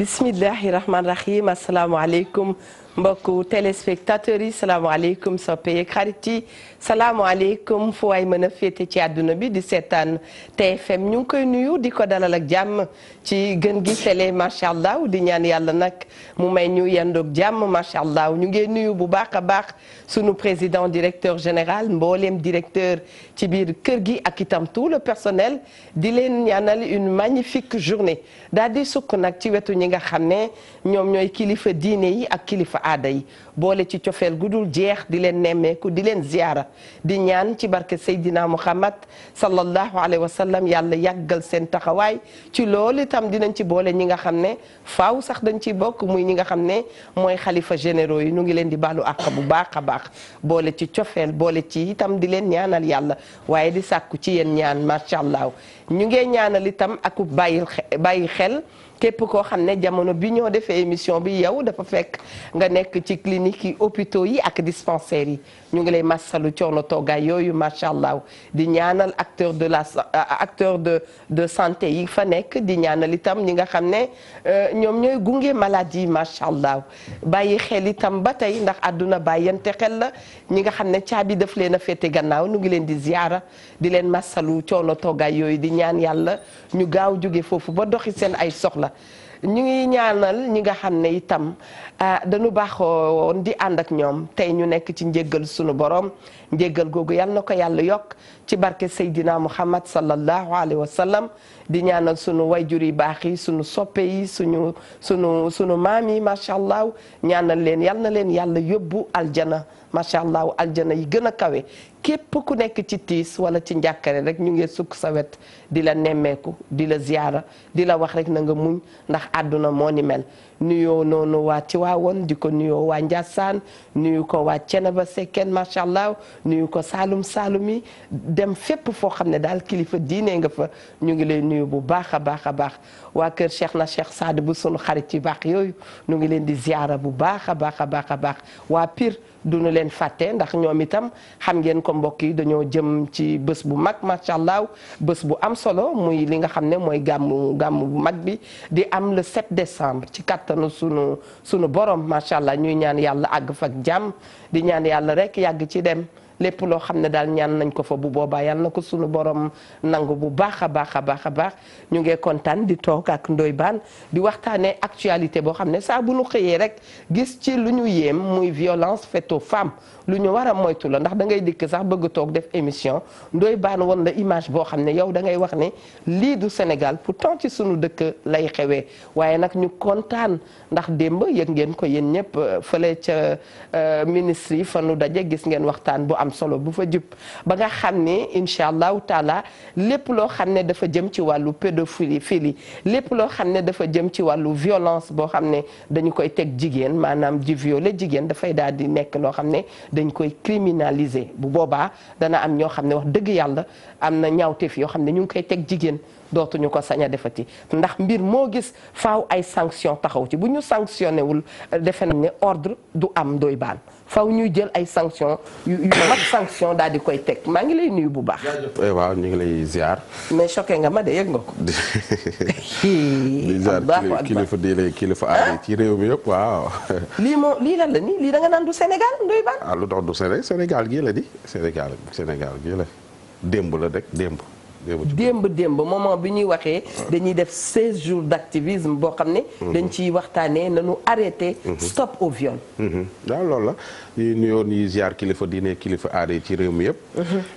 bismillahi rahmaani rahim asalaamaaleykum mbokku téléspectateurs yi salaamaaleykum soppe yeeg xarit yi salaamaaleykum fu waay mën a féete ci àdduna bi di seetaan TFM ñu koy nuyu di ko dalal ak jàmm ci gën gi télé macha allah di ñaan yàlla nag mu may ñu yendoog jàmm macha allah ñu ngi nuyu bu baax a baax sunu président directeur général mbooleem directeur ci biir kër gi ak itam tout le personnel di leen ñaanal une magnifique journée daal di sukk nag ci wetu ñi nga xam ne ñoom ñooy kilifa diine yi ak kilifa aada boole ci cofeel gu dul jeex di leen nemmeeku di leen ziyaara di ñaan ci barke Seydina Muhammad sallallahu alayhi wa sallam yàlla yàggal seen taxawaay ci loolu itam dinañ ci boole ñi nga xam ne faaw sax dañ ciy bokk muy ñi nga xam ne mooy xalifa généraux yi nu ngi leen di balu àq bu baax a baax boole ci cofeel boole ci itam di leen ñaanal yàlla waaye di sàkku ci yéen ñaan macha allah ñu ñaanal itam ak bàyyi bàyyi xel képp koo xam ne jamono bi ñoo defee émission bi yow dafa fekk nga nekk ci clinique yi hôpitaux yi ak dispensaires yi ñu ngi lay massalu coono toggaay yooyu macha allah di ñaanal acteur de la euh, acteur de de santé yi fa nekk di ñaanal itam ñi nga xam ne euh, ñoom ñooy gunge maladie yi macha allah bàyyi xel itam ba tey ndax àdduna bàyyante xel la ñi xam ne caabi daf leen a féete gannaaw ñu ngi leen di ziara di leen massalu coono toggaay yooyu di ñaan yàlla ñu gaaw jóge foofu ba doxi seen ay soxla la ñu ngi ñaanal ñi nga xam ne itam Ah, dañu baaxoon di ànd ak ñoom tey ñu nekk ci njéggal sunu borom njéggal googu yal na ko yàlla yokk ci barke Seydina Muhammad sallallahu alayhi wa sallam di ñaanal sunu wayjur yi baax yi sunu soppe yi suñu sunu sunu maam yi macha allah ñaanal leen yal na leen yàlla yóbbu aljana macha allah aljana yi gën a kawe képp ku nekk ci tiis wala ci njàkkare rek ñu ngi sukk sa wet di la nemmeeku di la ziyaara di la wax rek na nga muñ ndax àdduna moo ni nuyoo noonu waa Tiwaawoon di ko nuyoo waa Ndiassane nuyu ko waa Ceneba Sekkeen macha allah nuyu ko Saalum Saalum yi dem fépp foo xam ne daal kilifa diine nga fa ñu ngi lay nuyu bu baax a baax a baax waa kër Cheikh na Cheikh Saad bu sunu xarit yu baax yooyu ñu ngi leen di ziyaara bu baax a baax a baax a baax waa Pire. duñu leen fàtte ndax ñoom itam xam ngeen ko mbokk yi dañoo jëm ci bës bu mag macha allah bés bu am solo muy li nga xam ne mooy gàmmu gàmmu bu mag bi di am le 7 décembre ci kattanu sunu sunu borom macha allah ñuy ñaan yàlla àgg fa ak jàmm di ñaan yàlla rek yàgg ci dem. lépp loo xam ne daal ñaan nañ ko fa bu boobaa yàlla na ko suñu borom nangu bu baax a baax a baax a baax ñu ngee kontaan di toog ndoy baan di waxtaanee actualité boo xam ne saa bu nu xëyee rek gis ci lu ñu yéem muy violence faite aux lu ñu war a moytu la ndax da ngay dikk sax bëgg toog def émission ndoy baan woon la image boo xam ne yow da ngay wax ne lii du Sénégal pour pourtant ci suñu dëkk lay xewee waaye nag ñu kontaan ndax démb yëg ngeen ko yéen ñëpp fële ca euh, ministre yi fa nu daje ngeen waxtaan solo bu fa jub ba nga xam ne incha allahu taala lépp loo xam ne dafa jëm ci wàllu pédophilie lépp loo xam ne dafa jëm ci wàllu violence boo xam ne dañu koy teg jigéen maanaam ji violer jigéen dafay daal di nekk loo xam ne dañ koy criminaliser bu boobaa dana am ñoo xam ne wax dëgg yàlla am na ñaawteef yoo xam ne ñu ngi koy teg jigéen dootuñu ko sañ a ci ndax mbir moo gis faw ay sanction taxaw ci bu ñu sanctionné wul defe nañ ne ordre du am doy baan faw ñuy jël ay sanctions yu yu mag sanction daal di koy teg maa ngi lay nuyu bu baax. Eh, waaw ñu ngi lay ziar. mais choqué nga ma de yëg nga ko. kilifa ci réew mi yëpp waaw. lii moo lii la nii lii da nga du Sénégal ndoy baax. ah lu tax du Sénégal Sénégal gii la di Sénégal Sénégal gii la démb la rek démb. démb démb moment bi ñuy waxee dañuy def 16 jours d'activisme boo xam ne mhm. dañ ciy waxtaanee nañu arrêté mhm. stop au viol mhm. waaw loolu la ñuy nuyoo ñuy ziar kilifa diine kilifa aada ci réew mi yëpp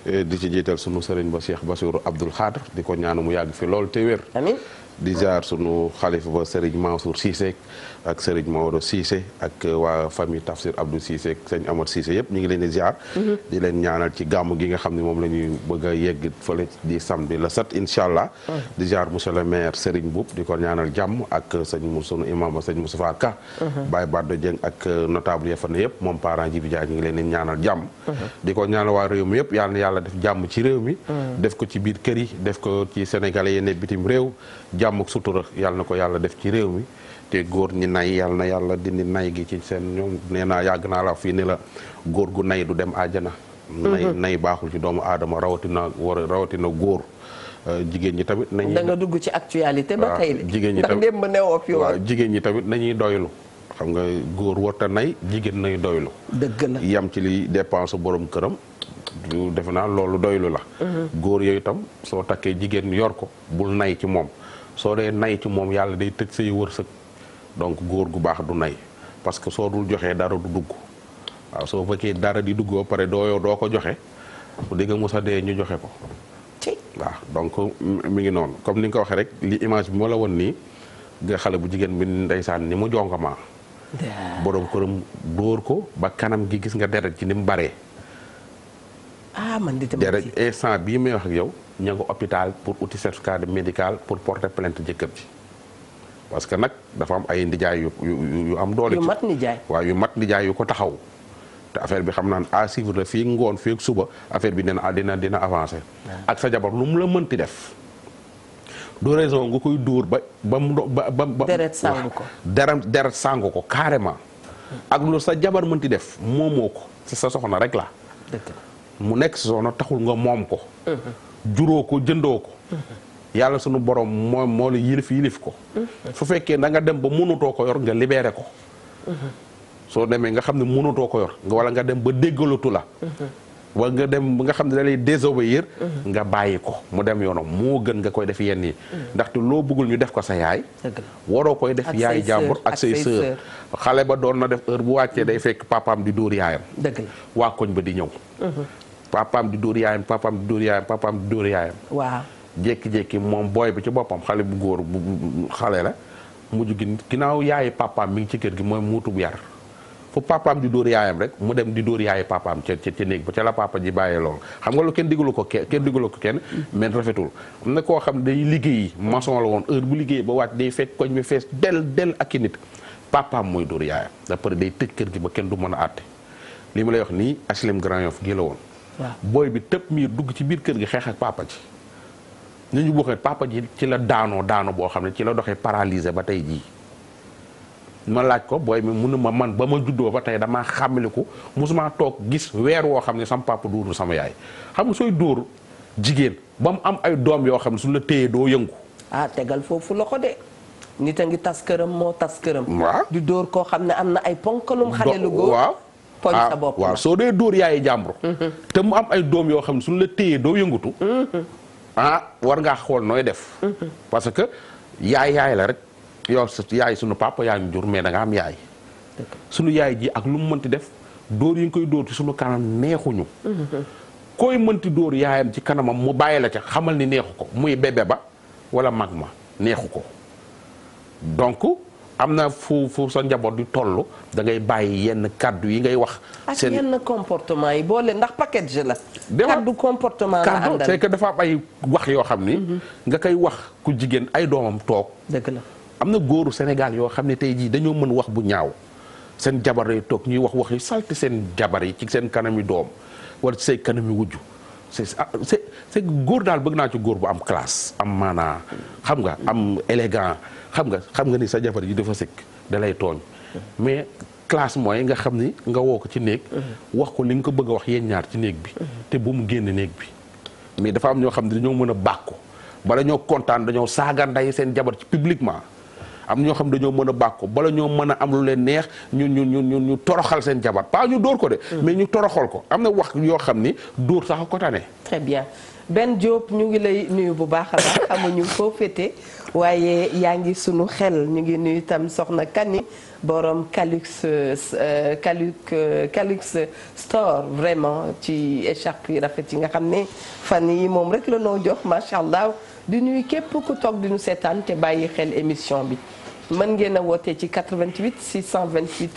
eh, di ci jiital sunu sëriñ ba Cheikh Bassirou Abdoul Khadr di ko ñaanu mu yàgg fi lool te wér amiin di ziar sunu xalifa ba sëriñ Mansour Cissé ak sëriñ Maodo Cissé ak euh, waa famille Tafsir Abdou Cissé sëñ Amar Cissé yëpp ñu ngi leen di ziar. Mhm. di leen ñaanal ci gàmm gi nga xam ne moom la ñuy bëgg a yegg fële di samedi la set incha allah. di ziar le maire Serigne Boub di ko ñaanal jàmm ak euh, sëñ mu sunu imam sëñ Moustapha Ka. Mhm. Baye Bado Dieng ak euh, notable ya fa ne yëpp moom parent ji bi jaay ñu ngi leen di ñaanal jàmm. Mhm. di ko ñaanal waa réew mi yëpp yal yàlla def jàmm ci réew mi. def ko ci biir kër yi def ko ci sénégalais yi bitim réew jàmm ak sutura na ko yàlla def ci réew mi te góor ñi nay yàlla na yàlla dindi nay gi ci seen ñoom nee naa yàgg naa la fii ni la góor gu nay du dem àjjana mhm. nay nay baaxul ci doomu aadama rawatina war rawatina góor euh, jigéen ñi tamit nañuy da nga dugg ci actualité ba tey jigéen ñi tamit ndax newoo fi jigéen ñi tamit nañuy doylu xam nga góor warta nay jigéen nay doylu dëgg la yam ci li dépense boroom këram defe naa loolu doylu la mhm. góor yooyu itam soo takkee jigéen yor ko bul nay ci moom soo dee nay ci moom yàlla day tëj say wërsëg donc góor gu baax du nay parce que soo dul joxee dara du dugg waaw soo fekkee dara di dugg pare doo doo ko joxe bu dégg mu sa dee ñu joxe ko. waaw donc mi ngi noonu comme ni nga ko waxee rek li image bi ma la woon nii xale bu jigéen bi ndeysaan ni mu jonkama borom këram dóor ko ba kanam gi gis nga deret ci ni mu baree. ah man de deret instant bii may wax ak yow ña nga hôpital pour uti certificat médical pour porter plainte jëkkër ji. parce que nag dafa am ay ndijaay yu yu am doole ci yu mat ndijaay yu mat ndijaay yu ko taxaw te affaire bi xam naan à suivre la fii ngoon fii suba affaire bi dina dina dina avancé ak sa jabar lu mu la mënti def du raison nga koy dóor ba ba mu ba ba deret sàng ko deram deret sàng ko carrément ak lu sa jabar mënti def moomoo ko sa soxna rek la mu nekk sa soxna taxul nga moom ko mm-hmm. juróo ko jëndoo ko mm-hmm. yàlla sunu borom moo moo la yilif yilif ko. su fekkee da nga dem ba mënutoo ko yor nga libéré ko. soo demee nga xam ne mënutoo ko yor nga wala nga dem ba déggalatu la. wala nga dem ba nga xam ne da lay désobéir nga bàyyi ko mu dem yoonam moo gën nga koy def yenn yi. ndaxte loo bëggul ñu def ko sa yaay. waroo koy def yaay jàmbur ak say sœur xale ba doon na def heure bu wàccee day fekk papaam di dóor yaayam. dëgg waa koñ ba di ñëw. Mhm. papaam di dóor yaayam papaam di dóor jékki-jékki moom booy bi ci boppam xale bu góor bu xale la mujj gi ginnaaw yaayi papaam mi ngi ci kër gi mooy mu bu yar fu papaam di dóor yaayam rek mu dem di dóor yaayi papaam ca ca néeg ba ca la papa ji bàyyee loolu xam nga lu kenn digalu ko kenn kenn ko kenn mais koo xam day liggéeyi maçon la woon heure bu liggéey ba wàcc day fekk koñ bi fees del del ak papaam mooy dóor yaayam d'après day tëj kër gi ba kenn du mën a àtte li ma la wax nii HLM Grand Yoff gi la woon booy bi tëb miir dugg ci biir kër gi xeex ak papa ji ni ñu waxee papa ji ci la daanoo daano boo xam ne ci la doxee paralysé ba tey jii ma laaj ko booy mun na ma man ba ma juddoo ba tey damaa xàmmaliku mosuma toog gis weer woo xam ne sama papa duuru sama yaay xam sooy dóor jigéen ba mu am ay doom yoo xam ne suñu la téyee doo yëngu. ah tegal foofu loxo de. nit a ngi tas këram moo tas këram. waaw di dóor koo xam ne am na ay ponkalum xale lu góor waaw ah, soo dee dóor yaayi jàmbur. Mm-hmm. te mu am ay doom yoo xam ne suñu la téyee doo yëngutu. Mm-hmm. ah war ngaa xool nooy def. parce que yaay yaay la rek yow yaay sunu papa yaa ñu jur mais da nga am yaay. sunu yaay ji ak lu mu mënti def dóor yi nga koy dóor ci sunu kanam neexuñu. koy mënti dóor yaayam ci kanamam mu bàyyi la ca xamal ni neexu ko muy bébé ba wala mag ma neexu ko donc. am na fu fu sa njaboot yu toll da ngay bàyyi yenn kàddu yi ngay wax. seen ak yenn comportement yi boole ndax package la. kàddu comportement la àndal c'est que dafa am wax yoo xam ni. Mhm. koy wax ku jigéen ay doomam toog. dëgg la am na góoru Sénégal yoo xam ne tey jii dañoo mën wax bu ñaaw seen jabar yi toog ñuy wax wax yu salte seen jabar yi ci seen kanam yu doom wala ci say kanam yu wujju c'est c'est góor daal bëgg naa ci góor bu am classe am maanaa xam nga am élégant xam nga xam nga ni sa jabar ji dafa sëkk da lay tooñ mais classe mooy nga xam ni nga woo ko ci néeg wax ko li nga ko bëgg a wax yéen ñaar ci néeg bi te bu mu génn néeg bi mais dafa am ñoo xam ne dañoo mën a bàkku bala ñoo kontaan dañoo saaga nday seen jabar ci publiquement am ñoo xam dañoo mën a bàkku bala ñoo mën a am lu leen neex ñu ñu ñu ñu toroxal seen jabar paa ñu dóor ko de. Mm. mais ñu toroxal ko am na wax yoo xam ni dóor sax ko tane. très bien Ben Diop ñu ngi lay nuyu bu baax a baax xamuñu foo féete waaye yaa ngi suñu xel ñu ngi nuyu itam soxna Kani borom Calux Calux euh, Calux euh, store vraiment ci écharpe yi rafet yi nga xam ne fan yi moom rek la noo jox macha allah di nuyu képp ku toog di ñu seetaan te bàyyi xel émission bi. mën ngeen a wootee ci 88 628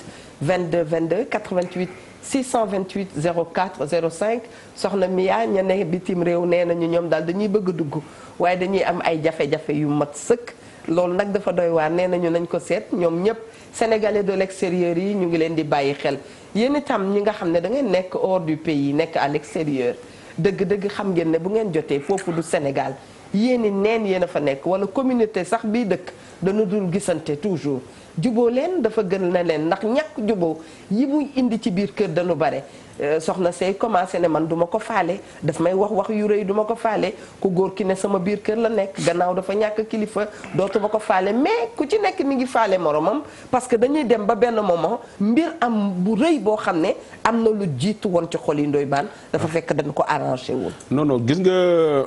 22 22 88 628 04 05 soxna Mia ña ne bitim réew nee nañu ñoom daal dañuy bëgg dugg waaye dañuy am ay jafe-jafe yu mat sëkk loolu nag dafa doy waar nee nañu nañ ko seet ñoom ñëpp sénégalais de l'extérieur yi ñu ngi leen di bàyyi xel yéen itam ñi nga xam ne da ngeen nekk hors du yi nekk à l'extérieur dëgg-dëgg xam ngeen ne bu ngeen jotee foofu du Sénégal yéen i neen yéen a fa nekk wala communauté sax bii dëkk dana dul gisante toujours juboo leen dafa gën na leen ndax ñàkk juboo yi muy indi ci biir kër dañu bare euh, soxna say commencé ne man duma ko faale daf may wax wax yu rëy duma ko faale ku góor ki ne sama biir kër la nekk gannaaw dafa ñàkk kilifa dootuma ko faale mais ku ci nekk mi ngi faale moromam parce que dañuy dem ba benn moment mbir am bu rëy boo xam ne am na lu jiitu woon ci xol yi ndoy baan dafa fekk dañ ko arrangé woon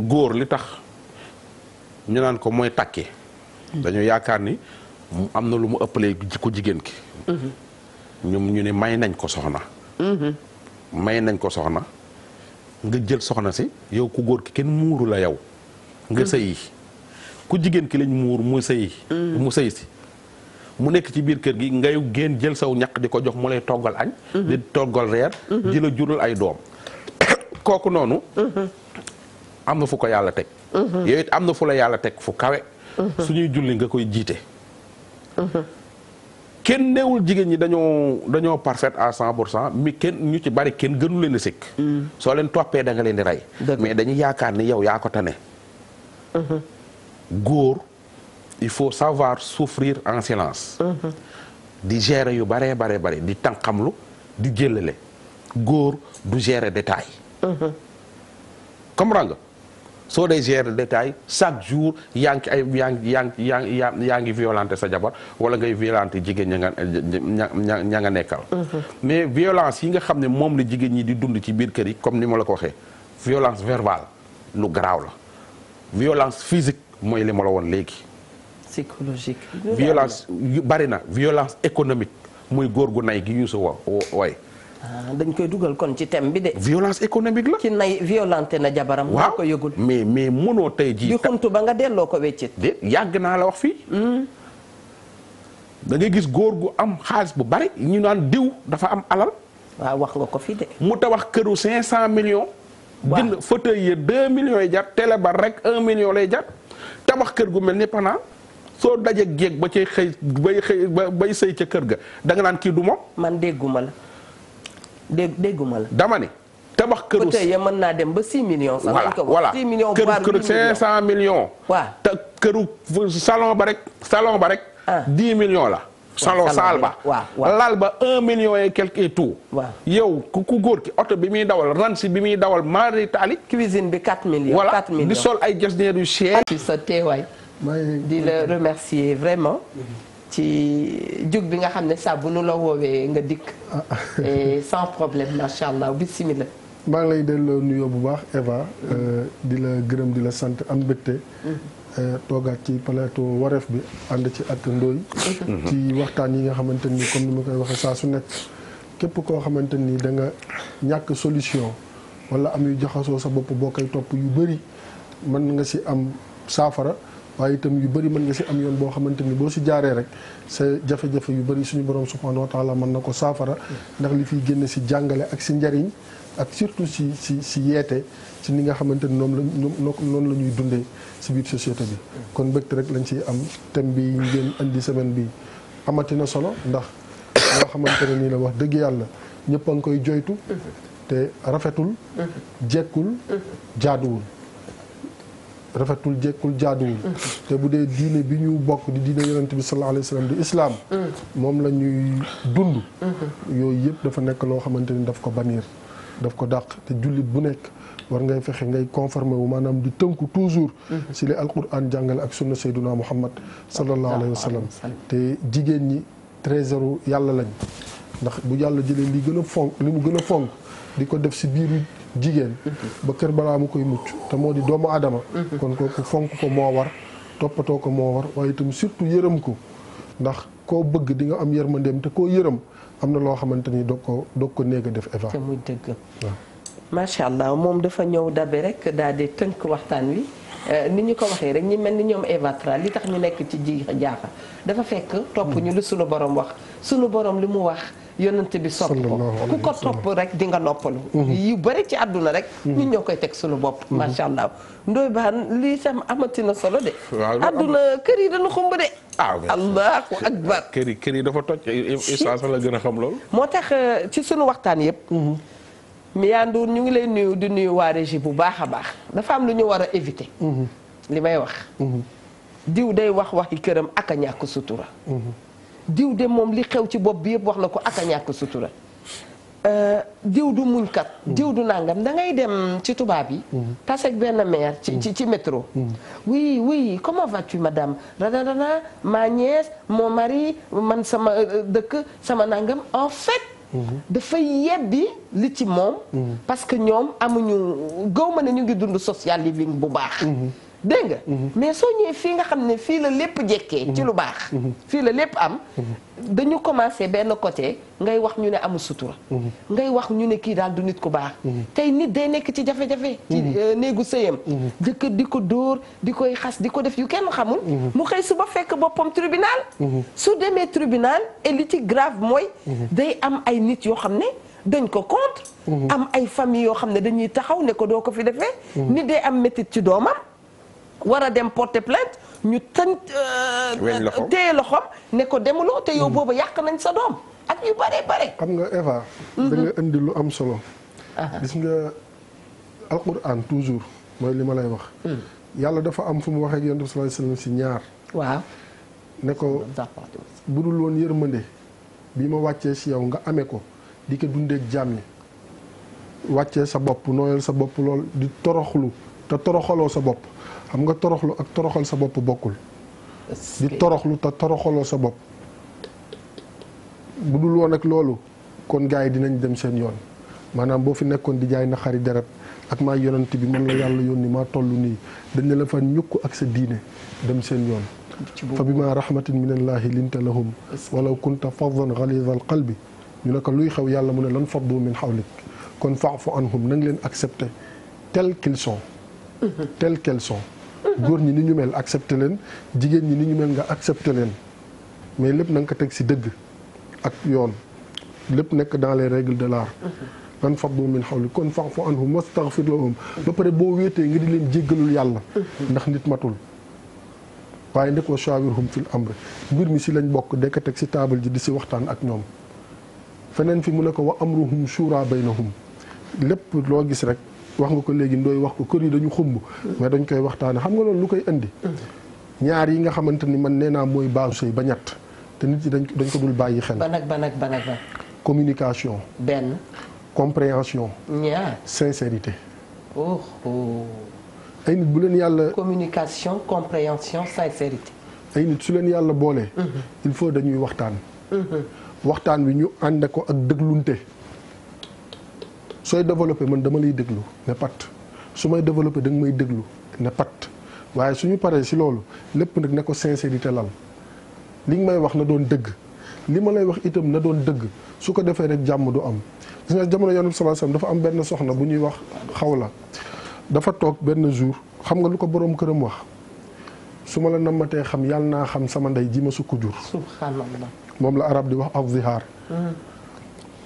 góor li tax ñu naan ko mooy takke dañoo yaakaar ni am na lu mu ëpp ëppalee ku jigéen ki ñoom ñu ne may nañ ko soxna may nañ ko soxna nga jël soxna si yow ku góor ki kenn muuru la yow nga mm-hmm. sëyi ku jigéen ki lañ muur mu sëyi mm-hmm. mu sëyi si mu nekk ci biir kër gi ngay génn jël saw ñaq di ko jox mu lay toggal añ mm-hmm. di toggal reer di la jural ay doom kooku noonu am na fu yàlla teg. Mhm. yow am na fu yàlla teg fu kawe. Mhm. suñuy julli nga koy jiite. Mhm. kenn newul jigéen ñi dañoo dañoo parfaite à cent pour cent mi kenn ñu ci bari kenn gënu leen a sëkk. soo leen toppee da nga leen di rey. mais dañuy yaakaar ni yow yaa ko tane. góor il faut savoir souffrir en silence. di gere yu baree baree bare di tànqamlu di jëlale góor du gérer détail. comprends nga. soo dee gérer détail chaque jour yaa ngi ay yaa ngi yaa yaa yaa ngi violenter sa jabar wala ngay violenter jigéen ña nga ña nga nekkal. Mm-hmm. mais violence yi nga xam ne moom la jigéen ñi di dund ci biir kër yi comme ni ma la ko waxee violence verbale lu garaaw la violence physique mooy li ma la woon léegi. psychologique. violence yu bari na violence économique mooy góor gu nay gi ñu sa way Ah, dañ koy dugal kon ci thème bi de. violence économique la. ci nay violenté na jabaram. waaw ko mais mais mënoo tey jii. di xuntu ba nga delloo ko weccit. de yàgg naa la wax fii. Hmm. da ngay gis góor gu am xaalis bu bari ñu naan diw dafa am alal. waaw wax nga ko fii de. mu tabax këru 500 cent million jënd fauteuil yi 2 millions yi jar télé ba rek un million lay jar tabax kër gu mel ni Pana. soo dajee géeg ba cay xëy bay xëy bay sëy ca kër ga da nga naan kii du moom. man dégguma la. dégg dégguma la dama ne tabax këru peut mën naa dem ba 6 millions. sax voilà voilà këru 500 millions. waaw te këru salon ba rek salon ba rek. 10 ah. millions la. salon saal ba laal ba un million et quelque et yow ku góor ki oto bi muy dawal ransi bi muy dawal mari taali. cuisine bi 4 millions. 4 millions voilà sol ay gestionnaires yu cher. ci sa teewaay. di la remercier vraiment. Mm-hmm. ci jóg bi nga xam ne saa bu nu la woowee nga dikk. Ah. et sans problème macha allah bisimilah. maa ngi lay delloo nuyoo bu baax Eva. Euh, di la gërëm di la sant am mbégte. Mm-hmm. Euh, toogaat ci plateau wareef bi ànd ci ak ndóoy. Mm-hmm. ci waxtaan yi nga xamante ni comme ni ma koy waxee saa su nekk. képp koo xamante ni danga ñàkk solution wala am yu jaxasoo sa bopp boo koy topp yu bëri mën nga si am saafara waaye itam yu bëri mën nga si am yoon boo xamante ni boo si jaaree rek sa jafe-jafe yu bari suñu borom subhanahu wa taala mën na ko saafara ndax li fiy génne si jàngale ak si njariñ ak surtout si si si yeete ci ni nga xamante ni noonu la noonu la ñuy dundee si biir société bi kon bëgg rek lañ ciy am thème bi ngeen indi semaine bi amati na solo ndax loo xamante ne nii la wax dëgg yàlla ñëpp a ngi koy joytu te rafetul jekkul jaaduwul rafetul jekkul jaaduwul te bu dee diine bi ñu bokk di diine yonent bi sallallahu alayhi wa sallam di islam moom la ñuy dund yooyu yëpp dafa nekk loo xamante ni daf ko baniir daf ko dàq te jullit bu nekk war ngay fexe ngay conformé wu maanaam di tënku toujours mhm. si li alquran jàngale ak sunna sayduna muhammad sallallahu alayhi wa sallam te jigéen ñi trésor yàlla lañ ndax bu yàlla jëlee li gën a fonk li mu gën a fonk di ko def si biiru jigéen ba kër balaa mu koy mucc te moo di doomu aadama kon kooku fonk ko moo war toppatoo ko moo war waaye itam surtout yërëm ko ndax koo bëgg di nga am yërmandeem te koo yërëm am na loo xamante ni doog ko dog ko néeg def Eva te muy dëgg macha allah moom dafa ñëw dabe rek daal di tënk waxtaan wi Euh, ni ñu ko waxee rek ñi mel ni ñoom Eva Tra li tax ñu nekk ci ji jaaxa dafa fekk topp ñu lu sunu boroom wax sunu borom li mu wax yonent bi sopp ko ku ko topp rek di nga noppalu mhm. yu bëri ci àdduna rek ñun mhm. ñoo koy teg sunu bopp mhm. macha allah ndoy baan lii tam amati na solo de àdduna kër yi dañu xumb de ah, allahu akbar kër yi kër yi dafa toj Isa la gën a xam loolu moo tax euh, ci sunu waxtaan yëpp Miya Ndour ñu ngi lay nuyu di nuyu waa bu baax a baax dafa am lu ñu war a éviter. Mhm. li may wax. Mhm. diw day wax waxi këram ak a ñàkk sutura. Mhm. diw de moom li xew ci bopp bi yëpp wax na ko ak a ñàkk sutura. Euh, diw du muñkat. diw du nangam da ngay dem ci tubaab yi. taseeg benn maire ci ci ci métro. oui oui comment vas-tu madame radadana ma nièce mon mari man sama euh, euh, dëkk sama nangam en fait. dafay yebbi li ci moom mm-hmm. parce que ñoom amuñu gëw ma ne ñu ngi dund social living bu baax mm-hmm. dégg nga. Mhm. mais soo ñëwee fii nga xam ne fii la lépp jekkee ci mhm. lu baax. Mhm. fii la lépp am. dañu commencé benn côté ngay wax ñu ne amul sutura. ngay wax ñu ne kii daal du nit ku baax. tey nit day nekk ci jafe-jafe. ci euh, néegu sëyam. jëkkër di ko dóor di koy xas di ko def yu kenn xamul. mu xëy suba fekk boppam tribunal. su demee tribunal et li ci grave mooy. day am ay nit yoo xam ne. dañ ko contre. am ay famille yoo xam ne dañuy taxaw ne ko doo ko fi defee. nit day am métit ci doomam. war a dem porter plainte ñu tën. Euh, euh, téye loxom ne ko demuloo te yow mm. boobu yàq nañ sa doom ak yu bare bare. xam nga Eva. Mm-hmm. danga indi lu am solo. gis nga alquran toujours mooy li ma lay wax. Mm. yàlla dafa am fu mu waxee ak yonent bi sallallahu alayhi wasallam si ñaar. waaw. ne ko bu dul woon yërmande bi ma wàccee si yow nga amee ko di ko dundeek jaam yi wàccee sa bopp nooyal sa bopp lool di toroxlu te toroxoloo sa bopp xam nga toroxlu ak toroxal sa bopp bokkul di toroxlu te toroxaloo sa bopp bu dul woon ak loolu kon gars yi dinañ dem seen yoon maanaam boo fi nekkoon di jaay na xari deret ak maa yonent bi man la yàlla yónni maa toll nii dañ ne la fa ak sa diine dem seen yoon fa bima rahmatin min allahi linta lahum walaw kunta fadan galida al qalbi ñu ne ko luy xew yàlla mu ne lan faddu min xawlik kon faafu anhum na nga leen accepté tel qu'ils telles qu'elles sont. góor ñi ni ñu mel accepté leen jigéen ñi ni ñu mel nga accepté leen mais lépp na ko teg ci dëgg ak yoon lépp nekk dans les règles de l'art man fab min xawli kon fa'fu anhum wastaghfir lahum ba pare boo wéetee nga di leen jéggalul yàlla ndax nit matul waaye nag wa shawirhum fil amr mbir mi ci lañ bokk dekk teg ci taabal ji di ci waxtaan ak ñoom feneen fi mu ne ko wa bay shura baynahum lépp loo gis rek wax nga ko léegi ndooy wax ko kër yi dañu xumb mais dañ koy waxtaane xam nga loolu lu koy indi ñaar yi nga xamante ni man nee naa mooy baasu sëy ba ñett te nit yi dañ dañ ko dul bàyyi xel ban ak ban ak ban ak communication benn compréhension ñaar sincérité oh ay nit bu leen yàlla communication compréhension sincérité ay nit su leen yàlla boolee mhm. il faut dañuy waxtaan mhm. waxtaan bi ñu ànd ko ak dëglunte sooy développé man dama lay déglu ne pat su may développé danga may déglu ne pat waaye suñu paree si loolu lépp nag ne ko sincérité lal li nga may wax na doon dëgg li ma lay wax itam na doon dëgg su ko defee rek jàmm du am gis nga jamono yonent sallallahu alayhi dafa am benn soxna bu ñuy wax xaw la dafa toog benn jour xam nga lu ko boroom këram wax su ma la nammatee xam yàlla naa xam sama ndey ji ma sukk jur subhanallah moom la arab di wax af zihaar hmm.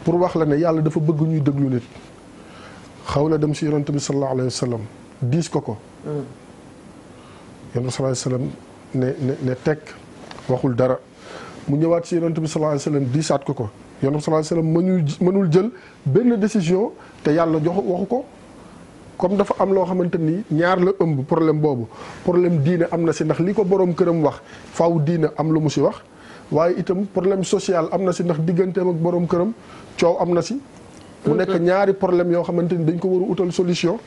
pour wax la yàlla dafa bëgg ñuy déglu nit xaw na dem si yonent bi sallallahu alayhi wa diis ko ko. yonent bi sallallahu ne ne teg waxul dara mu ñëwaat si yonent bi sallallahu alayhi wa diisaat ko ko yonent bi sallallahu alayhi wa sallam mënul jël benn décision te yàlla jox waxu ko. comme dafa am loo xamante ni ñaar la ëmb problème boobu problème diine am na si ndax li ko boroom këram wax faaw diine am lu mu si wax waaye itam problème social am na si ndax digganteem ak boroom këram coow am na si mu nekk ñaari problème yoo xamante ni dañ ko war utal solution.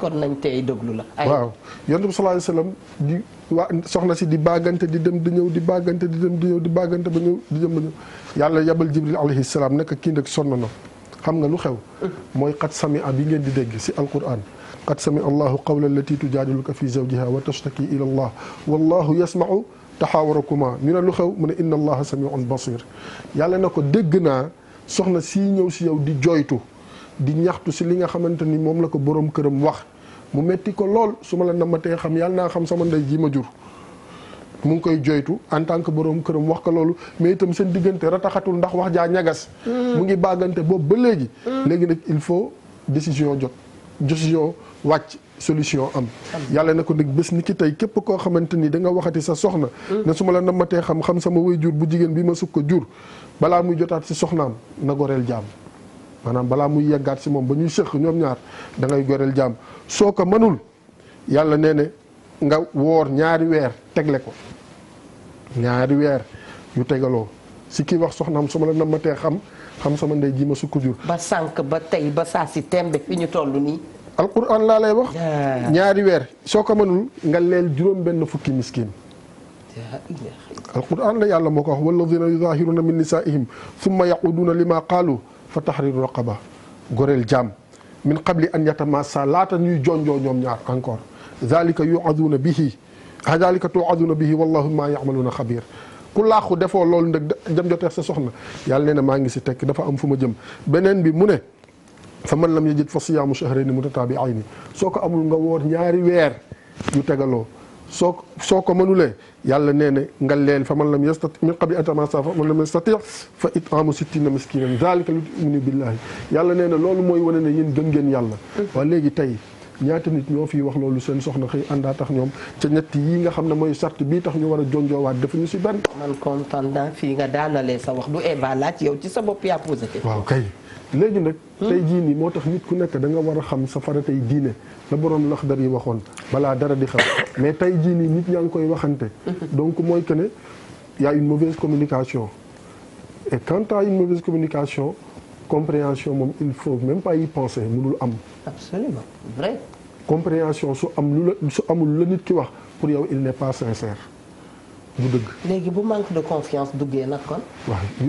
kon nañ tey déglu la. waaw yonent bi sallallahu di waa soxna si di bàggante di dem di ñëw di bàggante di dem di ñëw di bàggante ba ñëw di dem ba ñëw. yàlla yabal jibril alayhi salaam nekk kii nag sonn na xam nga lu xew. mooy qad samia bi ngeen di dégg si alquran. qad samia allahu qawla allati tujaadiluka fi zawjiha wa tashtaki ila allah wallahu yasmau taxaawarakuma ñu ne lu xew mu ne inna allaha samiun basir yàlla na ko dégg naa. soxna si ñëw si yow di joytu di ñaxtu si li nga xamante ni moom la ko borom këram wax mu metti ko lool su ma la namatee xam yàlla naa xam sama ndey ji ma jur mu ngi koy joytu en tant que borom këram wax ko loolu mais itam seen diggante rataxatul ndax wax jaa ñagas mm. mu ngi bàggante boobu ba léegi mm. léegi nag il faut décision jot décision wàcc solution am yàlla na ko nag bés ni ci tey képp koo xamante ni da nga waxati sa soxna mm. su ma la namatee xam xam sama waajur bu jigéen bi ma sukk ko jur balaa muy jotaat si soxnaam na goreel jaam maanaam balaa muy yeggaat si moom ba ñuy sëq ñoom ñaar da goreel jaam soo ko mënul yàlla nee ne nga woor ñaari weer tegle ko ñaari weer yu tegaloo si kiy wax soxnaam su ma la nammatee xam xam sama ndey ji ma sukk jur ba sànq ba tey ba saa si tembe fi ñu toll nii alquran laa lay wax ah. ñaari weer soo ko mënul nga leel juróom benn fukki miskin alquran la yàlla moo ko wax walladina yuzahiruna min nisaihim thumma yaquduuna lima qaalu fa tahriru raqaba goreel jaam min qabli an yatamassa laata ñuy jonjoo ñoom ñaar encore dalika yuaduuna bihi dalika tuaduuna bihi wallahu ma yamaluuna xabir ku laaxu defoo loolu nag jam joteex sa soxna yàlla nee na maa ngi si tekk dafa am fu ma jëm beneen bi mu ne fa man lam yajid fa siyaamu shahrayni mutatabiayni soo ko amul nga woor ñaari weer yu tegaloo soo soo ko mënulee yàlla nee na nga leel fa man lam yastati min qabli an tamassaa fa man lam yastati fa it'aamu sittiina miskiinan zaalika litu'minu billaahi yàlla nee na loolu mooy wane na yéen gëm ngeen yàlla waa léegi tey ñaata nit ñoo fii wax loolu seen soxna xëy àndaa tax ñoom ca ñett yi nga xam ne mooy sart bii tax ñu war a jonjoowaat ñu si benn man kontaan naa fii nga daanalee sa wax du Eva laaj yow ci sa bopp yaa posé waaw kay léegi nag hmm? tey jii nii moo tax nit ku nekk da war a xam sa faratay diine la borom lax dar yi waxoon balaa dara di xam mais tey jii nii nit ñaa ngi koy waxante hmm. donc mooy que ne y a une mauvaise communication et quant à une mauvaise communication compréhension moom il faut même pas y penser mënul am absolument vrai compréhension su am lu la su amul la nit ki wax pour yow il n'est pas sincère bu dëgg. léegi bu manque de confiance duggee nag kon.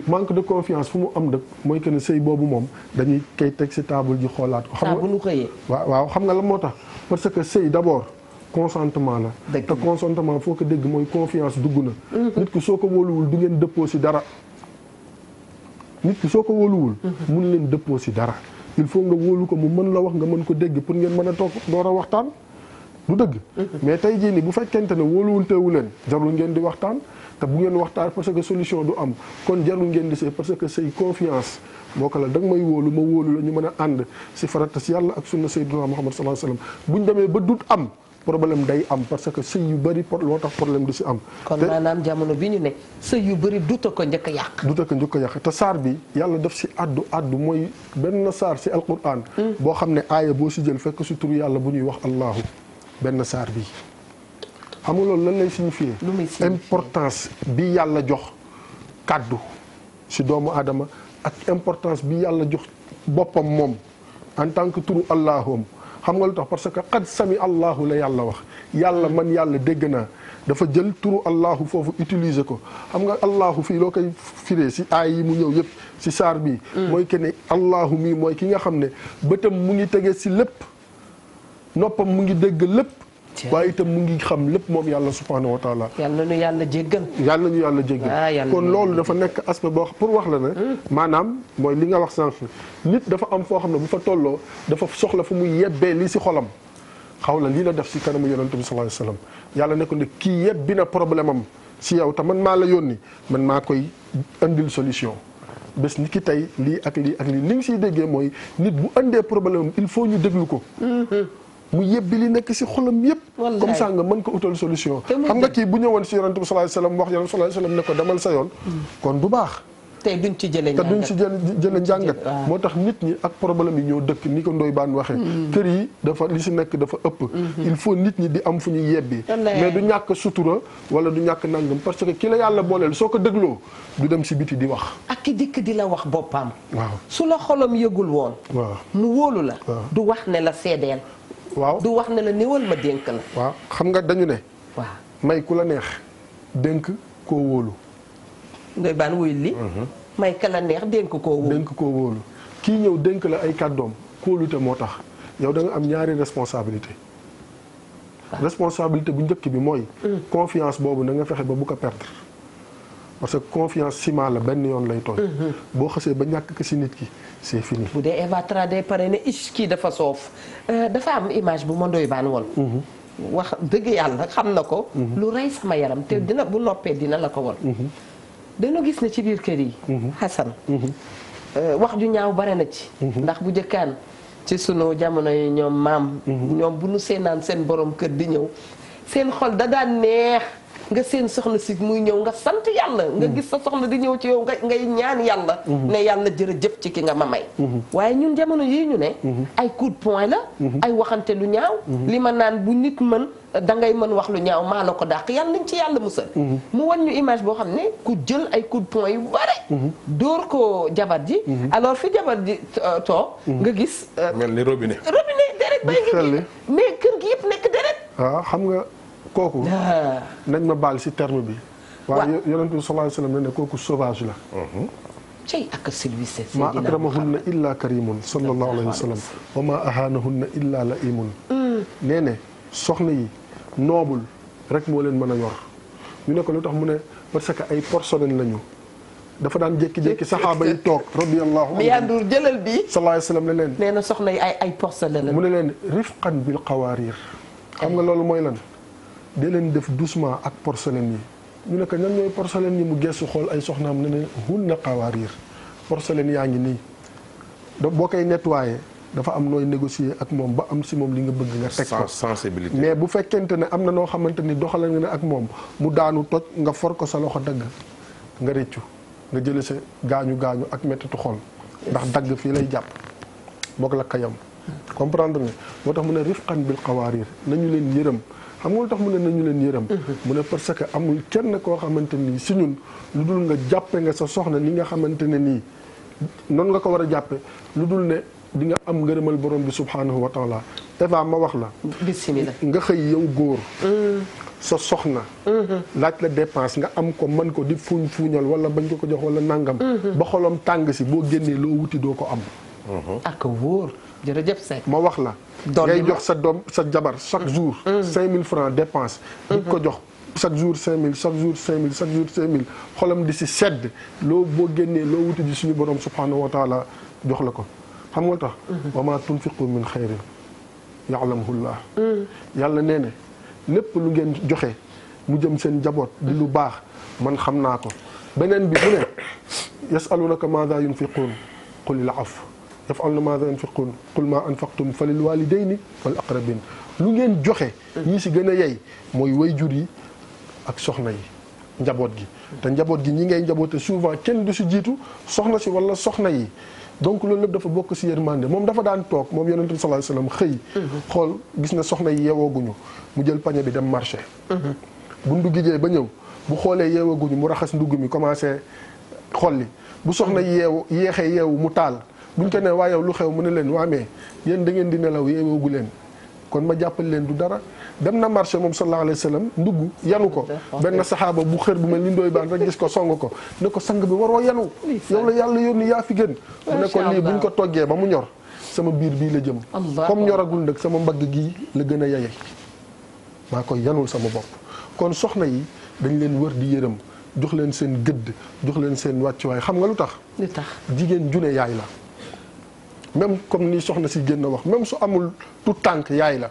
waaw de confiance fu mu am nag mooy que ne sëy boobu moom dañuy kay teg si table ji xoolaat ko. xam nga bu ñu waaw xam nga la moo tax parce que sëy d'abord consentement la. te consentement foo ko dégg mooy confiance dugg na. Mm-hmm. nit ki soo ko wóoluwul du ngeen dëppoo si dara. nit ki soo ko wóoluwul. Mm-hmm. mun leen dëppoo si dara. il faut nga wóolu ko mu mën la wax nga mën ko dégg pour ngeen mën a toog door a waxtaan. du dëgg mais tey jii nii bu fekkente ne wóoluwunteewu leen jarul ngeen di waxtaan te bu ngeen waxtaan parce que solution du am kon jarul ngeen di sëy parce que say confiance boo ko la da nga may wóolu ma wóolu la ñu mën a ànd si farat si yàlla ak sunna sayyidina Muhammad sallallahu alayhi wasallam buñ demee ba dut am problème day am parce que sëy yu bëri loo tax problème du si am. kon maanaam jamono bi ñu ne sëy yu bëri duta ko njëkk a yàq. duta njëkk a yàq te saar bi yàlla def si addu addu mooy benn saar si alquran. Mm. boo xam ne aaya boo si jël fekk si tur yàlla bu ñuy wax allahu. benn saar bi xam nga loolu lan lay signifier importance bi yàlla jox kàddu si doomu aadama ak importance bi yàlla jox boppam moom en tant que turu allahum xam nga lu tax parce que qad sami allahu la yàlla wax yàlla hmm. man yàlla dégg naa dafa jël turu allahu foofu utiliser ko xam nga allahu fii loo koy firee si aay yi mu ñëw yëpp si saar bi hmm. mooy que allahu mii mooy ki nga xam ne bëtam mu ngi tege si lépp noppam mu ngi dégg lépp. waaye itam mu ngi xam lépp moom yàlla subhaanahu wa taala. yàlla nu yàlla jéggal. yàlla nu yàlla jéggal ah, kon loolu dafa nekk aspect boo pour wax la ne. Hmm. maanaam mooy li nga wax sànq nit dafa am foo xam ne bu fa tolloo dafa soxla fu muy yebbee lii si xolam. xaw la lii la def si kanamu yonent bi sallallahu alayhi wa sallam yàlla ne ne kii yebbi na problème am si yow te man maa la yónni man maa koy andil solution. bés ni ki tey lii ak lii ak lii li nga siy déggee mooy nit bu andee problème il faut ñu déglu ko. Hmm, hmm. mu yebbi li nekk si xolam yëpp comme ça nga mën ko utal solution xam nga kii bu ñëwoon si yonent bi sallallahu sa yoon mm. kon du baax te duñ ci jëlee njàngat te duñ ci jëlee njàngat moo tax nit ñi ak problème yi ñoo dëkk ni ko Ndoye Bane waxee. Mm. kër li si nekk dafa ëpp. Mm-hmm. il faut nit ñi di am fu ñuy yebbi. mais du ñàkk sutura wala du ñàkk nangam parce que ki la yàlla booleel soo ko dégloo du dem si biti di wax. ak ki dikk di la wax boppam. waaw su la xolam yëgul woon. mu wóolu la. du wax ne la seedeel. waaw du wax ne la néewal ma dénk la. waaw xam nga dañu ne. waaw may ku la neex dénk koo wóolu. ndoy baan wuy li. Mhm. may ka la neex dénk koo wóolu. dénk koo wóolu kii ñëw dénk la ay kàddoom kóolute moo tax yow da am ñaari responsabilité responsabilité bu njëkk bi mooy. Mm. confiance boobu na nga fexe ba bu ko perdre. parce que confiance ciment la benn yoon lay tooy. Mhm. boo xasee ba ñàkk ko si nit ki. c'est fini bu dee Eva Tradé pare ne ich kii dafa soof euh, dafa am image bu ma doy ndoy baan woon mhm. wax dëgg yàlla xam na ko mhm. lu rey sama yaram te mhm. dina bu noppee dina la ko woon dañoo gis ne ci biir kër yi Xasan euh, wax ju ñaaw bare na ci ndax bu jëkkaan ci sunu jamono yi ñoom maam ñoom bu nu seenaan seen boroom kër di ñëw seen xol da daan neex nga seen soxna si muy ñëw nga sant yàlla nga gis sa soxna di ñëw ci yow nga ngay ñaan yàlla mhm. ne yàlla jërëjëf ci ki nga ma may mhm. waaye ñun jamono yii ñu ne mhm. ay coup de poing la ay waxante lu ñaaw li ma naan bu nit mën da ngay mën wax lu ñaaw maa la ko dàq yàlla nañ ci yàlla musal mu wan ñu image boo xam ne ku jël ay coup de poing yu bare dóor ko jabar ji alors fi jabar ji euh, toog nga gis euh, mel ni robinet robinet deret bay ngi mais kër gi yëpp kooku ah. nañ ma baal si terme bi. waaw waaye yonent bi sallallahu alayhi wasallam ne ne kooku sauvage la. Mhm. cey ak service. maa akramahunna illa karimun sallallahu alayhi wasallam wa maa ahaanahunna illa laimun. Mm. nee ne soxna yi noobul rek moo leen mën a yor ñu ne ko lu tax mu ne parce que ay porcelaine lañu. dafa daan jékki-jékki saxaaba yi toog radiyallahu anhu yandur jëlal bi sallallahu alayhi wasallam ne leen nee na soxna yi ay ay porcelaine la mu ne leen rifqan bil xam nga eh. loolu mooy lan de leen def doucement ak porcelaine yi mu ne ko ñan ñooy porcelaine yi mu gestu xool ay soxnaam ne ne hun na xawaariir porcelaine yaa ngi nii da boo koy nettoyé dafa am nooy négocier ak moom ba am si moom li nga bëgg nga teg ko sensibilité mais bu fekkente ne am na noo xamante ni doxalal nga ne ak moom mu daanu toj nga for ko sa loxo dagg nga rëccu nga jële sa gaañu gaañu ak mettitu xol ndax dagg fii lay jàpp boog la kayam comprendre nga moo tax mu ne rifqan bil xawaarir leen yërëm xam nga lu tax mu ne nañu leen yërëm mm-hmm. mu ne parce que amul kenn koo xamante nii si ñun lu dul nga jàppe nga sa soxna ni nga xamante ne nii noonu nga ko war a jàppe lu dul ne di nga am ngërëmal borom bi subhaanahu wa taala Eva ma wax la bismillah nga xëy yow góor mm. sa soxna mm-hmm. laaj la dépense nga am ko man ko di fuuñ fuuñal wala bañ ko ko jox wala nangam mm-hmm. ba xolom tàng si boo génnee loo wuti doo ko am ak wóor jërëjëf Seck ma wax la. ngay jox sa doom sa jabar chaque mm. jour. 5000 mm. francs dépense. Mm-hmm. di ko jox chaque jour 5000 chaque jour 5000 chaque jour 5000 xolam di si sedd loo boo génnee loo wuti ji suñu borom subhanahu wa taala jox la ko xam nga tax. Mm-hmm. wa maa tunfiqu min xayrin ya'lamuhullah mm. yàlla nee na lépp lu ngeen joxe mu jëm seen jaboot di lu baax man xam naa ko beneen bi mu ne yasalunaka maada yunfiquun qulil af yaf'alna maa yunfiquun qul maa anfaqtum fa lil waalidayni wal aqrabiin lu ngeen joxe. ñi si gën a yey mooy jur yi ak soxna yi njaboot gi. te njaboot gi ñi ngay njaboote souvent kenn du si jiitu soxna si wala soxna yi donc loolu lépp dafa bokk si yërmande moom dafa daan toog moom yonent bi sallallahu alayhi wa sallam xëy. Mhm. xool gis na soxna yi yeewooguñu mu jël pañe bi dem marché. Mhm. bu nduggijee ba ñëw bu xoolee yeewaguñu mu raxas ndugg mi commencé xolli bu soxna yeewu yeexee yeewu mu taal. bu buñ ko nee waa yow lu xew mu ne leen waa mais yéen da ngeen di nelaw yeewoogu leen kon ma jàppal leen du dara dem na marché moom sallallahu alayhi wa ndugg yanu ko benn saxaaba bu xër bu mel ni ndooy baan rek gis ko song ko ne ko sang bi waroo yanu yow la yàlla yónni yaa fi gën mu ne ko lii buñ ko toggee ba mu ñor sama biir bii la jëm comme ñoragul nag sama mbagg gii la gën a yaye maa koy yanul sama bopp kon soxna yi dañ leen wër di yërëm jox leen seen gëdd jox leen seen wàccuwaay xam nga lu tax lu tax jigéen june yaay la même comme ni soxna si génn wax même su amul tout tànk yaay la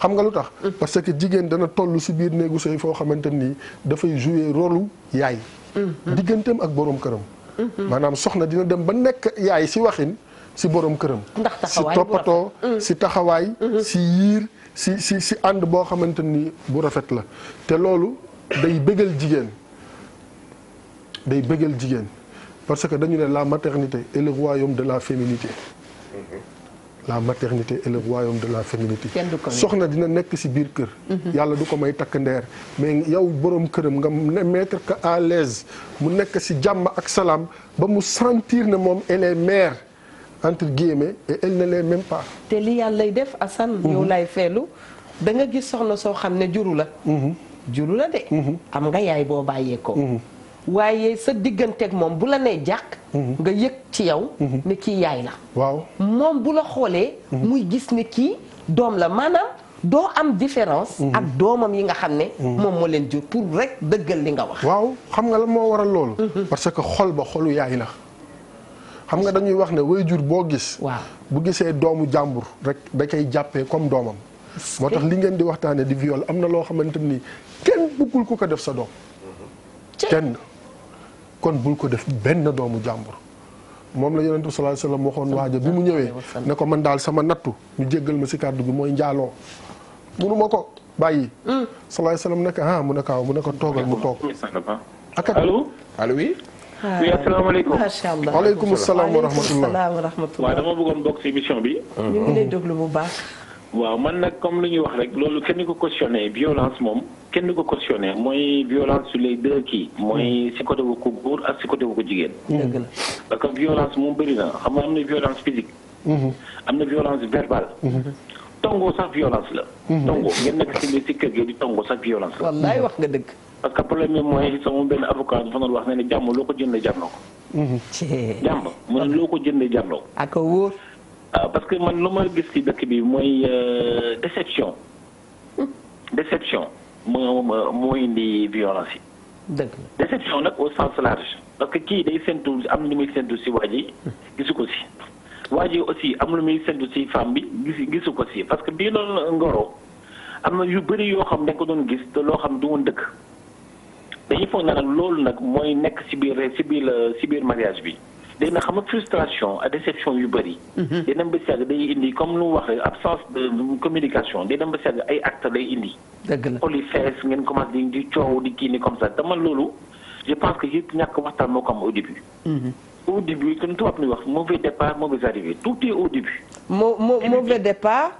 xam nga lu tax mm. parce que jigéen dana toll si biir néegu sëy foo xamante nii dafay jouer rôlu yaay mm, mm. digganteem ak boroom këram maanaam soxna dina dem ba nekk yaay si waxin si boroom këram si toppatoo si taxawaay si yiir si si si ànd boo xamante ni bu rafet la te loolu day bëggal jigéen day bëggal jigéen parce que dañu ne la maternité est le royaume de la féminité. Mm-hmm. la maternité est le royaume de la féminité. soxna dina nekk ci biir kër. Mm-hmm. yàlla du ko may takk ndeer mais yow boroom këram nga ne mettre ko à l'aise mu nekk ci jàmm ak salaam ba mu sentir na moom elle est mère entre guillemets et elle ne l'est même pas. te li yàlla lay def Assane. Mm-hmm. yow lay feelu da nga gis soxna soo xam ne juru la. juru la de. am nga yaay boo bàyyeekoo. waaye sa digganteeg moom bu la nee jàkk mhm. nga yëg ci yow mhm. ne kii yaay la waaw moom bu la xoolee mhm. muy gis ne kii doom la maanaam doo am différence ak doomam yi nga xam ne moom moo leen jur pour rek dëggal li nga wax waaw xam la moo waral loolu parce que xol ba xolu yaay la xam nga dañuy wax ne waajur boo gis waaw bu gisee doomu jàmbur rek da koy jàppee comme doomam moo tax li ngeen di waxtaane di viol am na loo xamante ni kenn bëggul ku ko def sa doom kenn kon bul ko def benn doomu jàmbur moom la yonent bi sallallahu alayhi wasallam waxoon waaja bi mu ñëwee ne ko man daal sama nattu ñu jéggal ma si kàddu gi mooy njaaloo munuma ko bàyyi hmm. sallallahu alayhi wasallam ah, mu ne kaaw mu ne ko toogal mu toog ak allo allo oui oui asalaamaaleykum macha allah waaleykum dama bëggoon bokk ci émission bi ñu ngi lay déglu bu baax waaw man nag comme lu ñuy wax rek loolu kenn ko cautionné violence moom kenn ko cautionné mooy violence sur les deux kii. mooy si côté wu ko góor ak si côté wu ko jigéen. Hmm. dëgg la parce que violence moom bëri na xam nga am na violence physique. Hmm. am na violence verbale. Hmm. tongo sax violence la. tongo ngeen nekk si si kër gi di tongo sax violence la. wallaay wax nga dëgg. parce que problème bi mooy sama benn avocat dafa wax ne jàmm loo ko jëndee jàmm na ko. jàmm mu ne a waaw euh, parce que man lu ma gis ci dëkk bi mooy euh, déception. Hmm. déception moo moo indi violence yi. dëgg déception nag au sens large. parce que kii day séntu am lu muy séntu ci waa ji gisu ko ci. waa ji aussi am lu muy séntu ci femme bi gis gisu ko ci parce que bii loolu ngoro am na yu bëri yoo xam dañ ko doon gis te loo xam du woon dëkk. dañuy foog na nag loolu nag mooy nekk ci biir ci biir ci biir mariage bi. léegi nag xam nga frustration ak déception yu bëri. Mhm. day dem ba sàgg day indi comme lu wax absence de communication day dem ba sàgg ay actes lay indi. dëgg la xol yi fees ngeen commencé di di coow di kii ni comme ça dama loolu je pense que yëpp ñàkk waxtaan moo ko am au début. Mhm. au début comme tubaab nuy wax mauvais départ mauvais arrivé tout est au début. mo mo mauvais départ.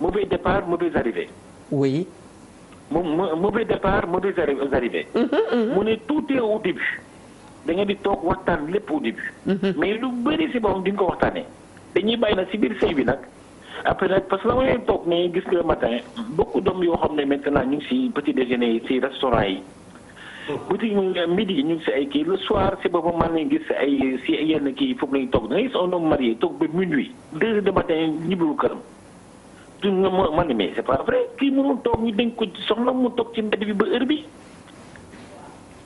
mauvais départ mauvais arrivé. oui. moom mauvais départ mauvais arrivé. Mhm, mu ne tout est au début. da ngeen di toog waxtaan lépp au début. Mhm. mais lu bëri si moom di ko waxtaanee. dañuy bàyyi nag si biir sëy bi nag après nag parce que dama leen toog gis nga matin beaucoup d'hommes yoo xam ne maintenant ñu ngi si petit déjeuner yi si restaurant yi. boutique oh. midi ñu ngi si ay kii le soir si boobu man nañu gis ay si yenn kii foofu toog da ngay gis un homme toog ba minuit deux heures de matin ñibbiwul ma ma ne mais c'est pas vrai toog ñu dénk ko soxla mu toog ci mbedd bi ba heure bi.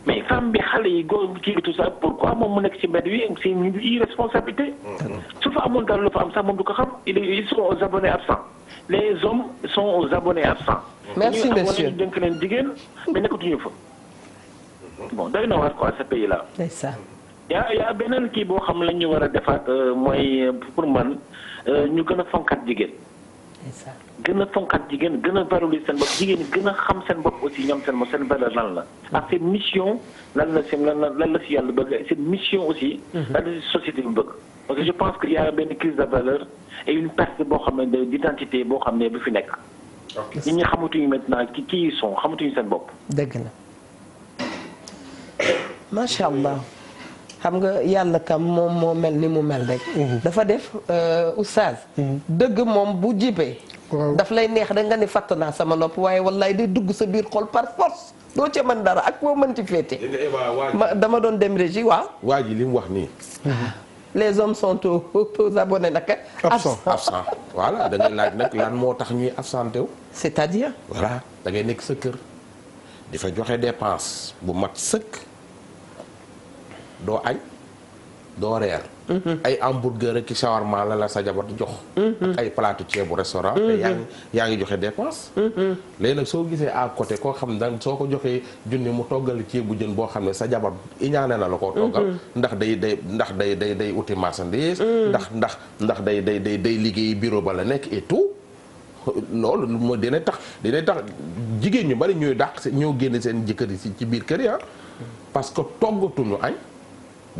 mais femme bi xale yi góor bu kii bi tout pourquoi moom mu nekk ci mbedd wi c'est une irresponsabilité. Mm-hmm. su fa amoon dara lu fa am sax moom du ko xam ils sont aux abonnés absents les hommes sont aux abonnés absents. merci monsieur ñu dénk leen jigéen mais nekkatuñu fa. Mm-hmm. bon doy na waar quoi ce pays là. yaa yaa beneen kii boo xam la ñu war a defaat euh, mooy euh, pour man euh, ñu gën a fonkaat jigéen. gën a fonkaat jigéen gën a valoriser seen bopp jigéen gën a xam seen bopp aussi ñoom seen bopp seen valeur lan la mm-hmm. ak seen mission lan la lan la lan la si yàlla bëgg seen mission aussi mm-hmm. lan la si société bi bëgg parce que je pense que y a benn crise de valeur et une perte boo xam ne d'identité boo xam ne bu fi nekk nit ñi xamatuñu maintenant ki kii ils sont seen bopp dëgg la macha allah xam nga yàlla kam moom moo mel ni mu mel rek mm-hmm. dafa def euh, oustaz dëgg moom bu jibee daf lay neex rek nga ni fatt naa sama nopp waaye wallaay de dugg sa biir xol par force doo ca man dara ak koo mën ci féete eh, dama doon dem régi waaw waa ji li mu wax nii ah. les hommes sont aux abonnés naka absent absent voilà da ngay laaj nag lan moo tax ñuy absenté wu c'est-à-dire voilà da ngay nekk sa kër di fa joxe dépense bu mat sëkk doo añ doo reer Mm-hmm. ay hamburger ak shawarma la la sa jabar di jox. Mm-hmm. ay palaatu ceebu restaurant. te yaa ngi mm-hmm. yaa ngi joxe dépense. léegi nag soo gisee à côté koo xam ne soo ko joxee junni mu toggal ci bu jën boo xam ne sa jabar iñaane na la koo toggal. ndax day day ndax day day day uti marchandise. ndax ndax ndax day day day day liggéey bureau ba la nekk et tout. loolu dina tax dina tax jigéen ñu bari ñooy dàq ñoo génne seen jëkkër yi ci biir kër ya ah. parce que toggatuñu añ.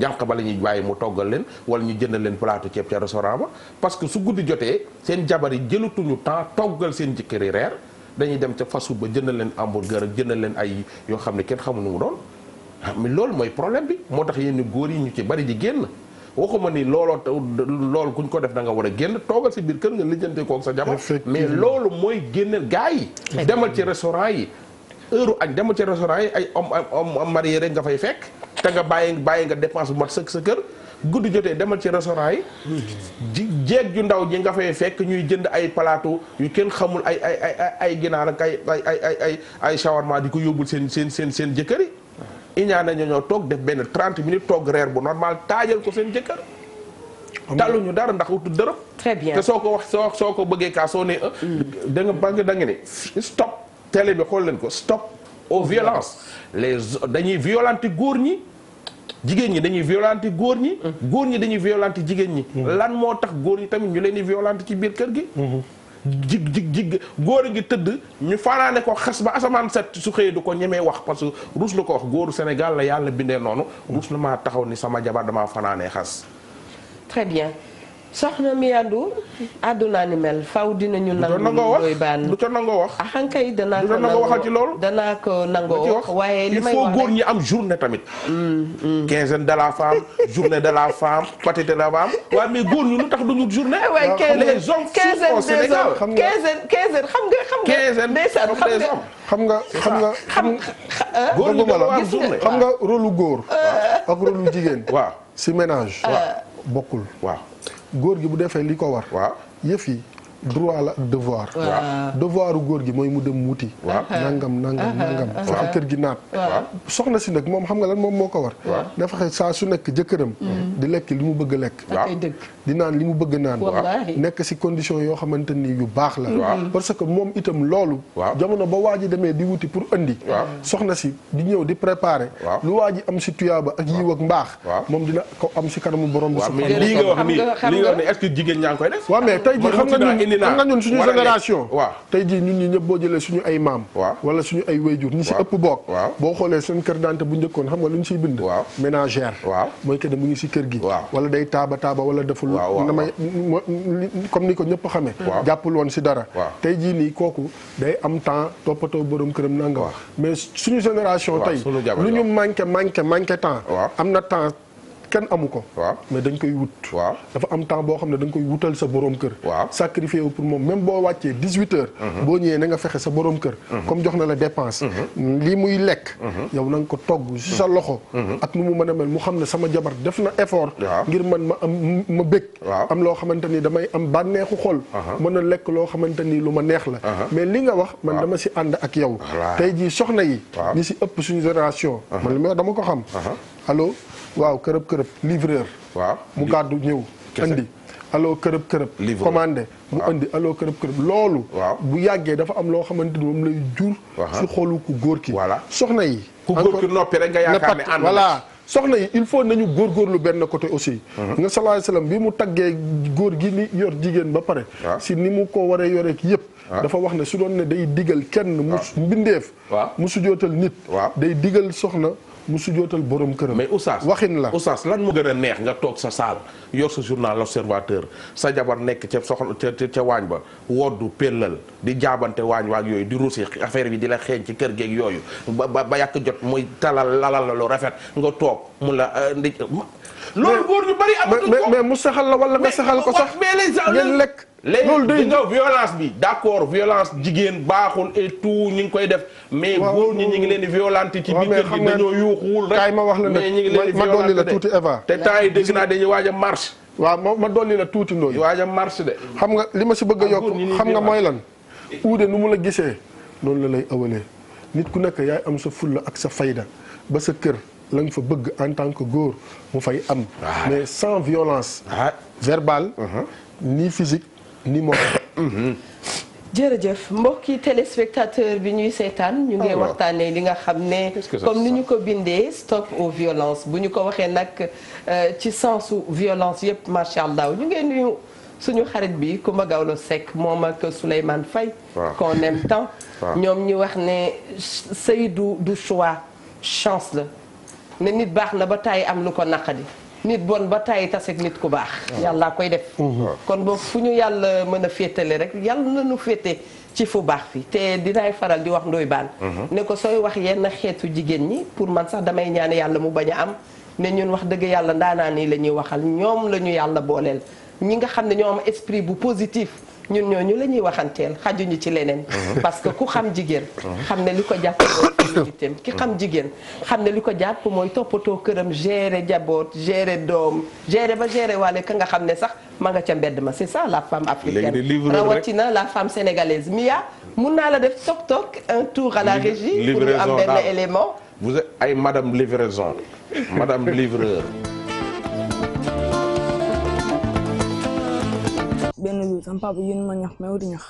jànq ba la ñuy bàyyi mu toggal leen wala ñu jënd leen plateau ceeb ca restaurant ba parce que su guddi jotee seen jabar yi jëlatuñu temps toggal seen jëkkëri reer dañuy dem ca fasu ba jënd leen hamburger ak jëndal leen ay yoo xam ne kenn xamuñu nu doon ah, mais loolu mooy problème bi moo tax yenn góor yi ñu ci bari ji génn waxuma ni looloo loolu kuñ ko def da nga war a génn toogal si biir kër nga lijjante koog sa jabar mais loolu mooy génne gaa yi demal ci restaurant yi heure añ demal ci restaurant yi ay homme homme marié rek nga fay fekk te nga bàyyi bàyyi nga dépense bu mat sëkk sa kër guddi jotee demal ci restaurant yi ji jeeg ju ndaw ji nga fay fekk ñuy jënd ay palaatu yu kenn xamul ay ay ay ay ginaar ak ay ay ay ay ay shawarma di ko yóbbul seen seen seen seen jëkkër yi iñaa na ñoo toog def benn 30 minutes toog reer bu normal taajal ko seen jëkkër taluñu dara ndax utu dërëm très bien te soo ko wax soo ko bëggee kaa soo ne ah, mm. da nga ba ne stop télé bi xool leen ko stop aux violences les dañuy violenter góor ñi jigéen ñi dañuy violenter góor ñi mmh. góor ñi dañuy violenter jigéen ñi mmh. lan moo tax góor ñi tamit ñu leen di violenter ci biir kër gi mmh. jig jig jig góor a ngi tëdd ñu fanaane ko xas ba asamaan set su xëyee du ko ñemee wax parce que ruus la ko wax góoru Sénégal la yàlla bindee noonu ruus la maa taxaw ni sama jabar damaa fanaanee xas très bien soxna mi yàndu àdduna ni mel faw dinañu nangu doy baan du ca nangoo wax ah xankay danaa ko nangoo waxal ci loolu danaa ko nangoo wax waaye li may wax góor ñi am journée tamit mm, mm. quinzaine de la femme journée de la femme patite de la femme waaye mais góor ñi lu tax duñu journée ah, waaye les hommes quinzaine xam nga xam nga xam nga xam nga xam ah. góor nga rôle góor euh. ak rôle jigéen waaw si ménage euh. bokkul waaw góor gi bu defee li ko war. waaw yëf yi droit la devoir devoiru góor gi mooy mu dem wuti nangam nangam nangam fexe kër gi naat soxna si nag moom xam nga lan moom moo ko war na fexe saa su nekk jëkkëram mhm. di lekk li mu bëgg a lekk di naan li mu bëgg naan nekk si condition yoo xamante ni yu baax la parce que moom itam loolu jamono ba waa ji demee di wuti pour andi soxna si di ñëw di préparer lu waa ji am si tuyaaba ak yiw ak mbaax moom dina ko am si kanamu borom bi subhaanahu lii nga wax nii lii nga wax nii est indi naa nga ñun suñu génération waaw tey jii ñun ñi ñëpp boo jëlee suñu ay maam waaw wala suñu ay wayjur ñi si ëpp boog boo xoolee suñu kër dante bu njëkkoon xam nga lu ñu siy bind waaw ménagère mooy que ne mu ngi si kër gi wala day taaba taaba wala deful na may comme ni ko ñëpp xamee jàppul woon si dara tey jii nii kooku day am temps toppatoo boroom këram na nga wax mais suñu génération tey lu ñu manqué manqué manqué temps am na temps kenn amu ko. waaw mais dañ koy wut. waaw dafa am temps boo xam ne dañ koy wutal sa borom kër. waaw sacrifié wu pour moom même boo wàccee dix huit heures. Mhm. boo ñëwee na nga fexe sa borom kër. Mhm. comme jox na la dépense. Mhm. lii muy lekk. yow na ko togg si sa loxo. ak nu mu mën a mel mu xam ne sama jabar def na effort. ngir man ma am ma bëgg. am loo xamante ni damay am bànneexu xol. Uh-huh. mën a lekk loo xamante ni lu ma neex la. Uh-huh. mais li nga wax man dama si ànd ak yow. tey jii soxna yi. ñi si ëpp suñu génération. Uh-huh. dama ko xam. allo. waaw kërëb kërëb livreur. waaw mu gàddu ñëw. andi aloo kërëb kërëb. livreur commandé mu indi allo kërëb kërëb. loolu. bu yàggee dafa am loo xamante ni moom lay jur. si xolu ku góor ki. voilà soxna yi. ku góor ki noppi rek nga yaakaar ne ànd voilà. soxna yi il faut nañu lu benn côté aussi. Mhm. nga sallallahu alayhi wasallam bi mu taggee góor gi ni yor jigéen ba pare. si ni mu ko waree yoreek yëpp. dafa wax ne su doon ne day digal kenn. mu mbindeef. mu sujootal nit. day digal soxna. mu sujootal borom këram. mais Oustaz waxin la Oustaz lan moo gën a neex nga toog sa saal yor sa journal l'observateur sa jabar nekk ca soxla ca ca waañ ba woddu pellal di jaabante waañ waag yooyu di ruusi affaire bi di la xeeñ ci kër geeg yooyu ba ba yàq jot muy talal lalal lu rafet nga toog mu la euh, ndi. loolu góor ñu bari amatuñ ko mais mu saxal la wala nga saxal ko sax ngeen lekk loolu day nga violence bi d'accord violence jigéen baaxul et tout ñu ngi koy def mais góor ñu ngi leen di violenté ci biir kër gi dañoo yuuxuwul ma wax la nag ma dolli la tuuti Eva te temps yi dégg naa dañuy waaj waaw ma ma dolli la tuuti loolu waaj a xam nga li ma si bëgg a ah, yokk xam nga mooy lan uude nu mu la gisee noonu la lay awalee nit ku nekk yaay am sa fulla ak sa fayda ba sa kër la fa bëgg en tant que góor mu fay am. Ah. mais sans violence. Ah. verbale. Uh-huh. ni physique ni morale. Mm-hmm. jërëjëf mbokki téléspectateur bi ñuy seetaan ñu ngi ah, waxtaanee li nga xam ne comme ni ñu ko bindee stop au violences bu ñu ko waxee nag euh, ci sensu violence yëpp macha allah ñu ngeen nuyu suñu xarit bi Coumba Gawlo Seck moom ak Souleymane Faye qu'on aime tant ñoom ñu wax ne sëy du du choix chance la ne nit baax na ba tàyyi am lu ko naqadi nit bon ba tàyyi taseeg nit ku baax yàllaa koy def mhm. kon boobu fu ñu yàlla mën a féetale rek yàlla na nu féete ci fu baax fi te dinaay faral di wax ndoy baan mhm. ne ko sooy wax yenn xeetu jigéen ñi pour man sax damay ñaan yàlla mu bañ a am ne ñun wax dëgg yàlla ndaanaa nii la ñuy waxal ñoom la ñu yàlla booleel ñi nga xam ne ñoo am esprit bu positif ñun ñu la ñuy waxanteel xajuñu ci leneen. Mhm. parce que ku xam jigéen. Mhm. xam ne li ko jàpp mooy ki xam jigéen xam ne li ko jàpp mooy toppatoo këram gérer jaboot gérer doom gérer ba gérer waale ka nga xam ne sax ma nga ca ma c'est ça la femme africaine rawatina la femme sénégalaise Mia mun naa la def toog toog un tour à la régie. pour ñu am benn élément. ay madame livraison madame livreur. benn bi sama papa yéen ma ñax may wuti ñax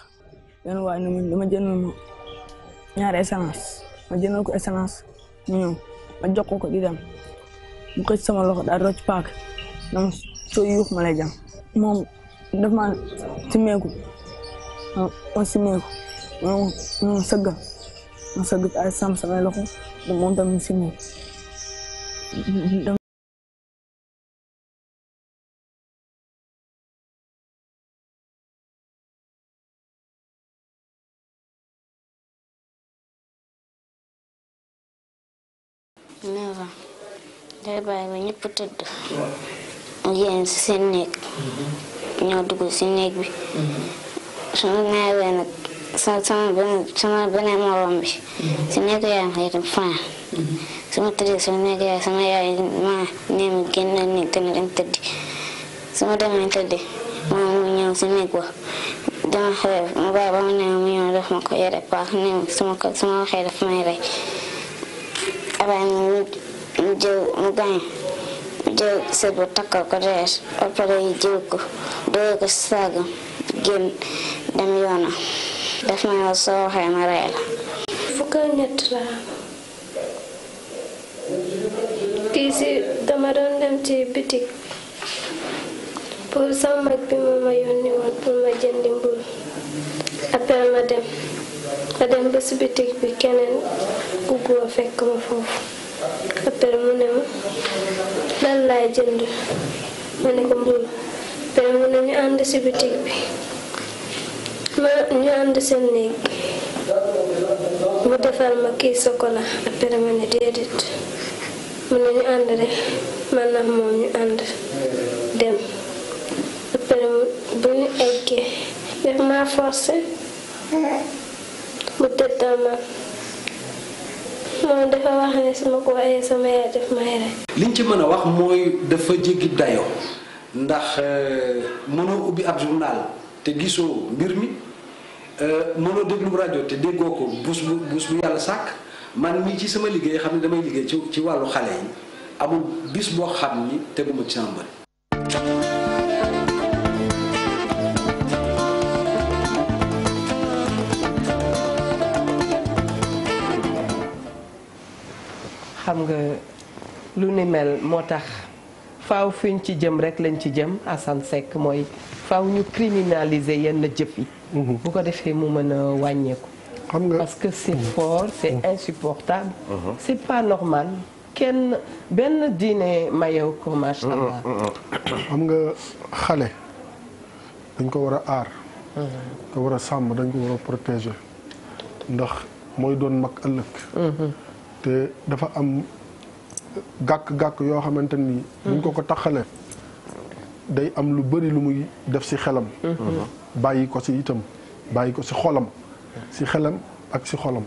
benn waaye na man dama jëndal ma ñaari essence ma jëndal ko essence mu ñëw ma jox ko ko di dem mu xëcc sama loxo daal rocc paak dama soo yuux ma lay jam moom daf ma simeeku ma simeeku ma sëgga ma sëgg ay sam samay loxo moom tam mu simeeku bàyyi ba ñëpp tëdd yéen si seen ñoo dugg si néeg bi su ma naawee nag sama benn sama beneen morom bi si néeg yaay ma itam fanaan su sama yaay sama yaay ma génn néeg dana dem tëddi su ma demee tëddi maa mu ñëw si néeg wa dama xew mu bàyyi ba mu ñëw mu ñëw def ma ko yore paax ne sama sama waxee daf may rey abaay mu jiw mu gañ mu jiw sër bu takkal ko reer ba pare jiw ko dooyee ko saagam génn dem yoonam def ma yow soo waxee la fukk ak kii si dama doon dem ci bitik pour sama mag bi ma ma yónni woon pour ma jëndi mburu après ma dem ma dem ba si bitik bi keneen ku góor fekk ma foofu après mu ne ma lan laay jënd ma ne ko mbuur après mu ne ñu ànd si bitig bi ma ñu ànd seen néeg mu defal ma kii sokola après ma ne déedéet mu ne ñu ànd rek man na moom ñu ànd dem après bu ñu eggee def maa forcé mu tëddal moom dafa wax ne ko waxee sama yaay liñ ci mën a wax mooy dafa jéggi dayoo ndax euh, mënoo ubbi ab journal te gisoo mbir mi euh, mënoo déglu rajo te déggoo ko buus bu buus bu yàlla sàkk man mii ci sama liggéey xam ne damay liggéey ci ci wàllu xale yi amul bis boo xam ni teguma ci sama bët xam nga lu ni mel moo tax faw fiñ ci jëm rek lañ ci jëm Assane Seck mooy faw ñu criminaliser yenn jëf yi. Mhm. bu ko defee mu mën a wàññeeku. xam nga parce que c'est mhm. fort c'est mhm. insupportable. c'est pas normal kenn benn diine mayew ko macha allah. xam nga xale dañ ko war a aar. ko war a sàmm dañ ko war a protéger ndax mooy doon mag ëllëg. te dafa am gàkk-gàkk yoo xamante ni. buñ ko ko taxalee day am lu bëri lu muy def si xelam. bàyyi ko si itam bàyyi ko si xolam. si xelam ak si xolam.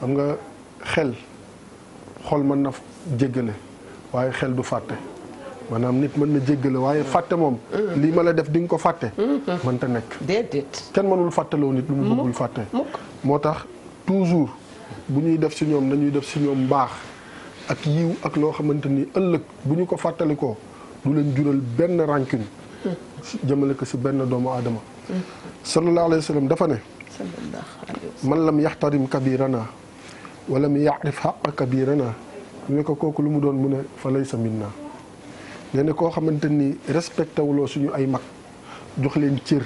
xam nga xel xol mën na jéggale waaye xel du fàtte maanaam nit mën na jéggale waaye fàtte moom. lii ma la def di nga ko fàtte. mënta nekk. déedéet kenn mënul fàttaloo nit lu mu mm-hmm. bëggul fàtte. moo tax toujours. bu ñuy def si ñoom nañuy def si ñoom mbaax ak yiw ak loo xamante ni ëllëg bu ñu ko fàttalikoo du leen jural benn rancune jëmale ko si benn doomu aadama sallallahu alayhi wa dafa ne man la lam yaxtarim kabirana wala mi yaarif xaqa kabirana ñu ne ko kooku lu mu doon mu ne fa laysa minna nee ne koo xamante ni respecté wuloo suñu ay mag jox leen cër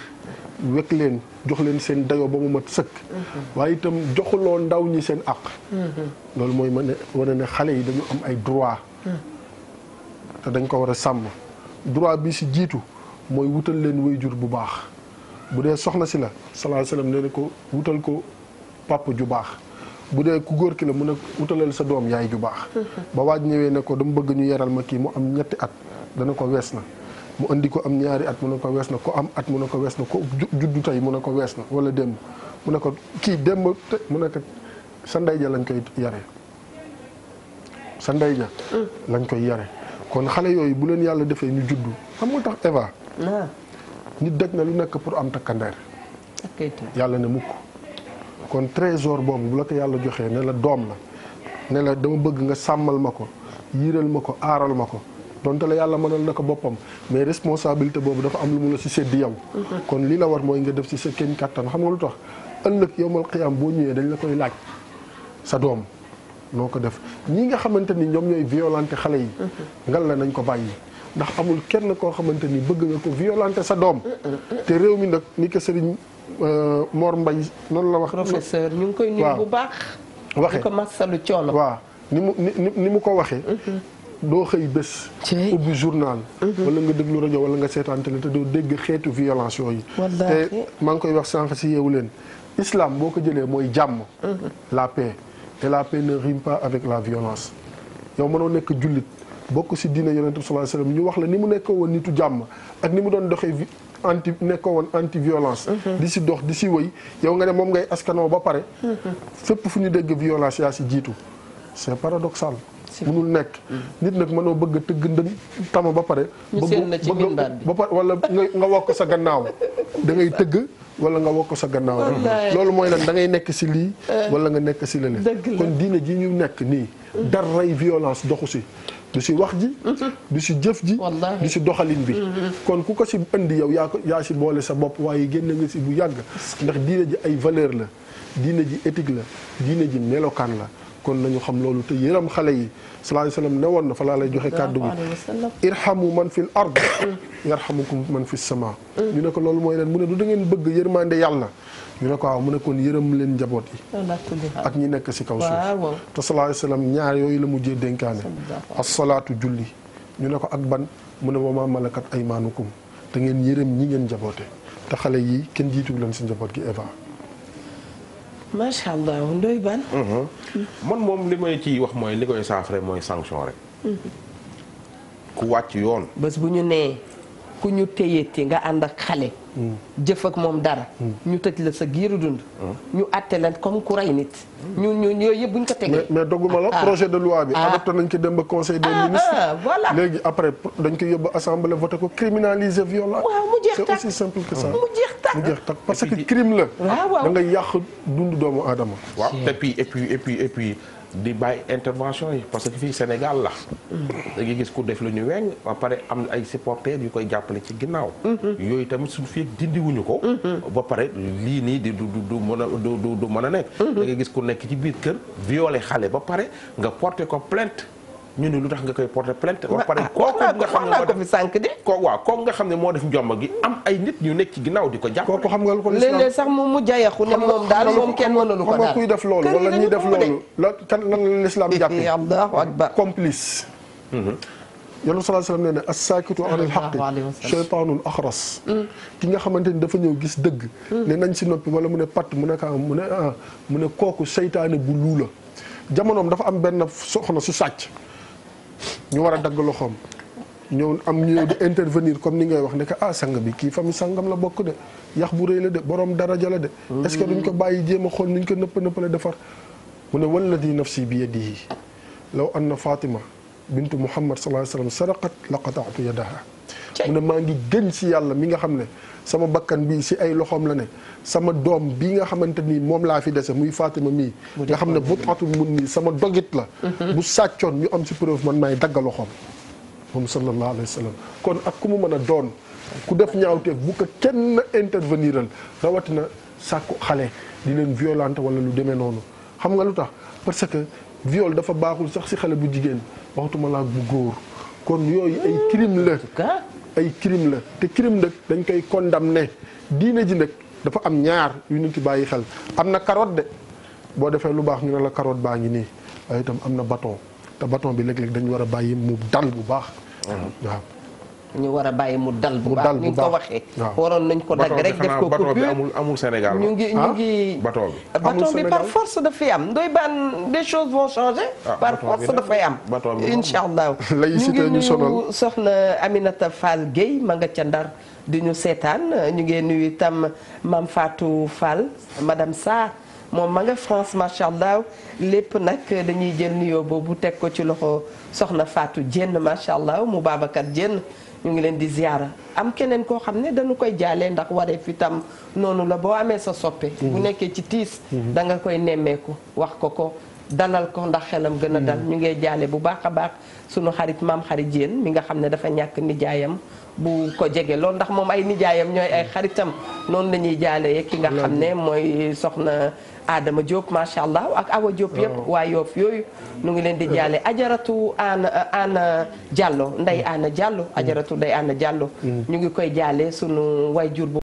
wekk leen jox leen seen dayoo ba mu mat sëkk. Mhm. waaye itam joxuloo ndaw ñi seen àq. Mhm. loolu mooy mën a wane ne xale yi dañu am ay droit. Mhm. te dañ ko war a sàmm droit bi si jiitu mooy wutal leen waajur bu baax bu dee soxna si la sallallahu alayhi wasallam nee na ko wutal ko papa ju baax. bu dee ku góor ki la mun a wutalal sa doom yaay ju baax. ba waaj ñëwee ne ko dama bëgg ñu yaral ma kii mu am ñetti at dana ko wees na. mu indi ko am ñaari at mu ne ko wees na ko am at mu ne ko wees na ko juddu tey mu ne ko wees na wala dem mu ne ko kii démb te mu ne ko sa ndey ja lañ koy yare sa ndey ja lañ koy yare kon xale yooyu bu leen yàlla defee ñu juddu xam nga tax Eva ah. nit daj na lu nekk pour am takkandeer yàlla ne mukk kon trésor boobu bu la ko yàlla joxee ne la doom la ne la dama bëgg nga sàmmal ma ko yiiral ma ko aaral ma ko donte la yàlla mënal na ko boppam mais responsabilité boobu dafa am lu mu la si séddi yow. kon lii la war mooy nga def si sa kéem kattan xam nga lu tax ëllëg yowmal qiyaam boo ñëwee dañ la koy laaj sa doom noo ko def ñi nga xamante ni ñoom ñooy violenté xale yi. ngal la nañ ko bàyyi. ndax amul kenn koo xamante ni bëgg nga ko violenter sa doom. te réew mi nag ni ko sëriñ euh, moor mbay noonu la wax. professeur ñu ngi koy nuyu bu baax. waxe ko masalu coono. waaw ni mu ni mu ko waxee. Mhm. doo xëy bés. ubbi journal. Mhm. wala nga lu rajo wala nga seetaan télé te doo dégg xeetu violence yooyu. te maa ngi koy wax sànq si yeewu leen islam boo ko jëlee mooy jàmm. Mhm. la paix te la paix ne rime pas avec la violence. yow mënoo nekk jullit bokk si diina diine yonent bi sallallahu alayhi wasallam ñu wax la ni mu nekkoo woon nitu jàmm ak ni mu doon doxee anti nekkoo woon anti violence. Mhm. di si dox di si wëy yow nga ne moom ngay askanoo ba pare. fépp fu ñu dégg violence si jiitu c'est paradoxal. munul nekk nit nag mënoo bëgg a tëgg ndën tama ba pare bëgg ba pare wala nga ko sa gannaaw da ngay tëgg wala nga ko sa gannaaw loolu mooy lan da ngay nekk si lii euh. wala nga nekk si leneen kon diine ji ñu nekk nii daray violence doxu si du si wax ji du si jëf ji du si doxalin bi mm-hmm. kon ku ko si indi yow yaa yaa si boole sa bopp waaye génn nga si bu yàgg ndax diine ji ay valeur la diine ji éthique la diine ji melokaan la kon nañu xam loolu te yëram xale yi sallallahu alayhi wa woon na fa lay joxe kàddu gi irhamu man fil ard mm. yarhamukum man fis sama mm. ñu ne ko loolu mooy leen mu ne du da ngeen bëgg yërmande yàlla ñu ne ko waaw mu ne kon yërëm leen njaboot yi ak ñi nekk si kaw te sallallahu alayhi wa sallam ñaar yooyu la mujjee dénkaane asalaatu julli ñu ne ko ak ban mu ne wama malakat aymaanukum te ngeen yërëm ñi ngeen njaboote te xale yi kenn jiitu leen si njaboot gi Eva macha allah ndoy ban. Mhm. man moom li may ciy wax mooy li koy saafara mooy sanction rek. Mhm. ku wàcc yoon. bés bu ñu nee ku ñu téyeeti nga ànd ak xale. jëf ak moom dara ñu tëj la sa giiru dund ñu àtte leen comme ku rey nit ñun ñun yooyu yëpp buñ ko tegee mais dogguma la ah. projet de loi bi ah. adopté nañ ko dem ba conseil des ah, ministres voilà léegi après dañ ko yóbbu assemblée voté ko criminaliser viol waaw mu jeex c'est que ça parce que crime la da nga yàq dund doomu aadama waaw et puis et di bàyyi intervention yi parce que fii Sénégal la da ngay gis ku def lu ñu weng ba pare am ay supporters yu koy jàppale ci ginnaaw yooyu tamit su fii dindiwuñu ko ba pare lii nii di du du mën a du du mën a nekk da nga gis ku nekk ci biir kër violé xale ba pare nga porté ko plainte ñu ne lu tax nga koy porter plainte wax pare ah, kooku nga xam ne ko xam ne moo def njomba gi am ay nit ñu nekk ci ginnaaw di ko jàpp kooku xam nga lu ko léeg-léeg sax moom mu jayaxu ne moom daal moom kenn mënalu ko daal xam nga kuy def loolu wala ñuy def loolu la kan lan la lislaam jàppe allahu akbar complice yàlla salaa salaam nee na assaakitu anil xaqi cheytaanul axras mm. ki nga xamante ni dafa ñëw gis dëgg mm. ne nañ si noppi wala mu ne patt mu ne ka mu ne ah ne kooku seytaane bu luu la jamonoom dafa am benn soxna su sàcc ñu war a dagg loxoom ñëw am ñëw di intervenir comme ni ngay wax ne que ah sang bi kii famille sangam la bokk de yax bu rëy la de borom daraja la de. est-ce que ko bàyyi jéem a xool nuñ ko nëpp nëppale defar. mu ne walladi nafsi bi yadihi law anna Fatima bintu Muhammad sallallahu alayhi wa sallam saraqat laqataatu yadaha mu ne maa ngi gën ci yàlla mi nga xam ne sama bakkan bi ci ay loxoom la ne sama doom bi nga xamante ni moom laa fi dese muy Fatima mii nga xam ne bu atul mun nii sama dogit la mm-hmm. bu ñu am ci preuve man maay dagga loxoom moom sallallahu alayhi wa sallam kon ak ku mu mën a doon ku def ñaawteef bu ko kenn interveniral na sàkku xale di leen violente wala lu demee noonu xam nga lu tax parce que viol dafa baaxul sax ci xale bu jigéen waxtuma laa bu góor kon yooyu ay crime la ay crime la te kirim nag dañ koy ne diine ji nag dafa am ñaar yu ñu ci bàyyi xel am na karoot de boo defee lu baax ñu ne la karoot baa ngi nii waaye itam am na baton te bâton bi léeg-léeg dañu war a bàyyi mu dal bu baax waaw ñu war a bàyyi mu dal bu baax ni nga ko waxee waroon nañ ko dagg rek def ko coupure amul Sénégal ñu ngi ñu ah? ngi bateau bi bateau bi par force dafay am ndoy baan des choses vont changer ah, par force dafay am incha allah ñu ngi nuyu soxna Aminata Fall Guèye ma nga ca Ndar di ñu seetaan ñu ngi nuyu itam Mame Fatou Fall madame Sarr moom ma nga France macha allah lépp nag dañuy jël nuyoo boobu teg ko ci loxo soxna Fatou Dieng macha allah mu Babacar Dieng ñu ngi leen di ziara am keneen koo xam ne dañu koy jaalee ndax waree fi tam noonu la boo amee sa soppe bu mhm. nekkee ci tiis mhm. da nga koy nemmeeku wax ko ko dalal ko ndax xelam gën a dal mhm. ñu ngee jaale bu baax a baax sunu xarit maam xarit jéen mi nga xam ne dafa ñàkk nijaayam bu ko jege lool ndax moom ay nijaayam ñooy ay xaritam noonu lañuy ñuy jaalee ki nga xam ne mooy soxna Adama Diop macha allah ak Awa Diop yëpp oh. waa yoof yooyu nu ngi leen di jaale ajaratu Anna Anna jàlloo ndey mm. Anna Diallo mm. ajaratu nday Anna jàlloo mm. ñu ngi koy jaale sunu wayjur bu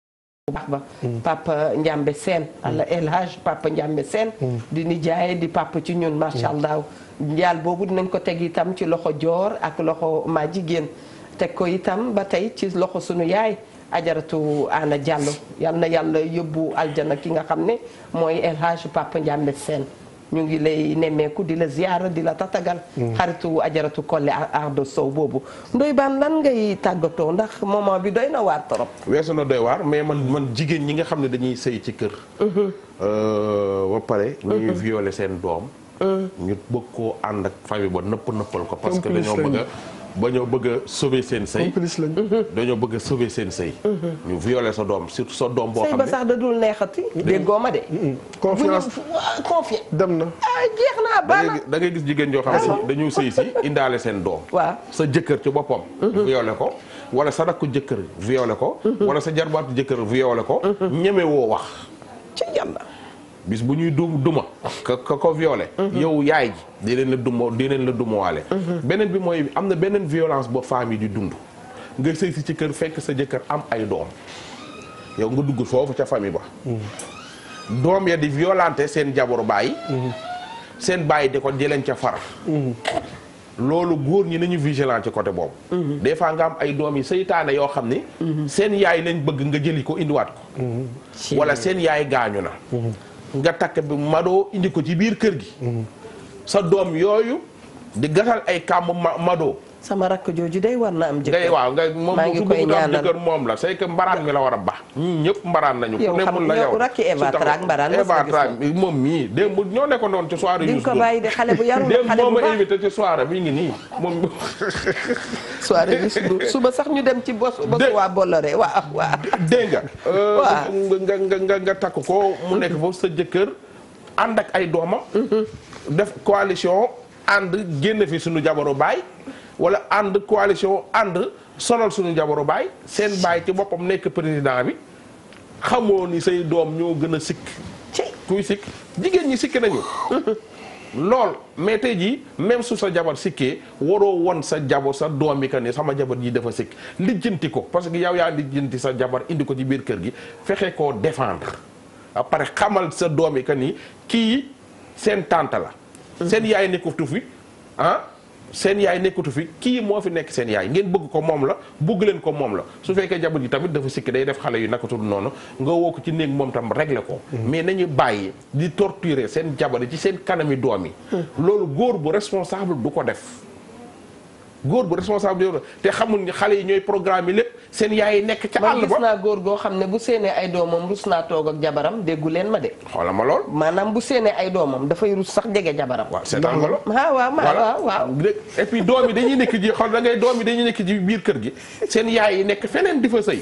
baax ba Papa Ndiambe seen ala El Hadj Papa Ndiambe Sène di nijaay di papa ci ñun macha allah njaal boobu dinañ ko teg itam ci loxo joor ak loxo maa jigéen teg ko itam ba tey ci loxo sunu yaay ajaratu ana Diallo yal na yàlla yóbbu aljana ki nga xam ne mooy El Hadj Papa Ndiambe ñu ngi lay nemmeeku di la ziyaara di la tatagal mm. xaritu ajaratu Kolle Ardo Sow boobu Ndoye Bane lan ngay tàggatoo ndax moment bi doy na waar trop weesu na doy waar mais man man jigéen ñi nga xam ne dañuy sëy ci kër mm-hmm. euh, ba pare ñuy mm-hmm. violer seen doom mm. ñu bëgg koo ànd ak famille ba nëpp nëppal ko parce que dañoo bëgg ba ñoo bëgg a seen sëy complice lañ mhm. dañoo bëgg a seen sëy mhm. ñu viole sa doom surtout sa doom boo xam ne sëy ba sax da dul neexati déggoo ma de ah, confiance dem na ah, jeex naa baal da ngay gis jigéen joo xam ne dañu sëy si indaale seen doom waaw sa jëkkër ci boppam mhm. violer ko wala sa rakku jëkkër viole ko wala sa jarbaatu jëkkër viole ko ñeme woo wax bis bu ñuy du duma ka ka ko violé mhm. yow yaay ji di leen la duma di leen la dumawaale mhm. beneen bi mooy am na beneen violence boo femme yi di dund nga sëy si ci kër fekk sa jëkkër am ay doom yow nga dugg foofu ca famille ba mhm. doom ya di violenté seen jaboru bàyyi seen bàyyi di ko jëleen ca far loolu góor ñi nañu vigilant ci côté boobu des fois nga am ay doom yi seytaane yoo xam ni seen yaay lañ bëgg nga jëli ko indiwaat ko wala seen yaay gaañu na nga takk bi mado indi ko ci biir kër gi. Mm-hmm. sa doom yooyu di gasal ay kàmb mado sama rakk jooju day war na am jëkkër waaw ngay moom su bëgg moom la say que mbaraan mi la war a baax ñii ñëpp mbaraan nañu ku nekkul la yow rakki Eva Trac mbaraan Eva Trac moom mii démb ñoo nekkoon doon ci soirée yu ko bàyyi de xale xale bu baax démb moo ma invité ci soirée bi ngi moom soirée suba sax ñu dem ci bos bos waa Bolloré waaw waaw dégg euh, nga nga nga nga nga mu nekk foofu sa jëkkër ànd ak ay doomam mm-hmm. def coalition ànd génn fi suñu jabaro baay wala ànd coalition ànd sonal suñu jabaru baay seen baay ci boppam nekk président bi xamoo ni say doom ñoo gën a sikk kuy sikk jigéen ñi sikk nañu lool mais tey jii même su sa jabar sikkee waroo won sa jabar sa doom yi que ne sama jabar ji dafa sikk lijjanti ko parce que yow yaa lijjanti sa jabar indi ko ci biir kër gi fexe koo défendre après xamal sa doom yi que ni kii seen tante la mm-hmm. seen yaay nekkutu fi ah seen yaay nekkatu fi kii moo fi nekk seen yaay ngeen bëgg ko moom la bëgg leen ko moom la su fekkee jabar ji tamit dafa sikki day def xale yu nakatul noonu nga woo ko ci néeg moom tam régler ko hmm. mais nañu bàyyi di torturer seen jabar yi ci seen kanami doom yi hmm. loolu góor bu responsable du ko def góor bu responsable yow la te xamul ni xale yi ñooy programme yi lépp seen yaay yi nekk ca àll ba gis naa góor goo xam ne bu séenee ay doomam rus naa toog ak jabaram déggu leen ma de xoola ma lool maanaam bu séenee ay doomam dafay rus sax jege jabaram waaw seen nga lool ah waaw ma waaw waaw et puis doom yi dañuy nekk ji xool da ngay doom yi dañuy nekk ji biir kër gi seen yaay yi nekk feneen di fa sëy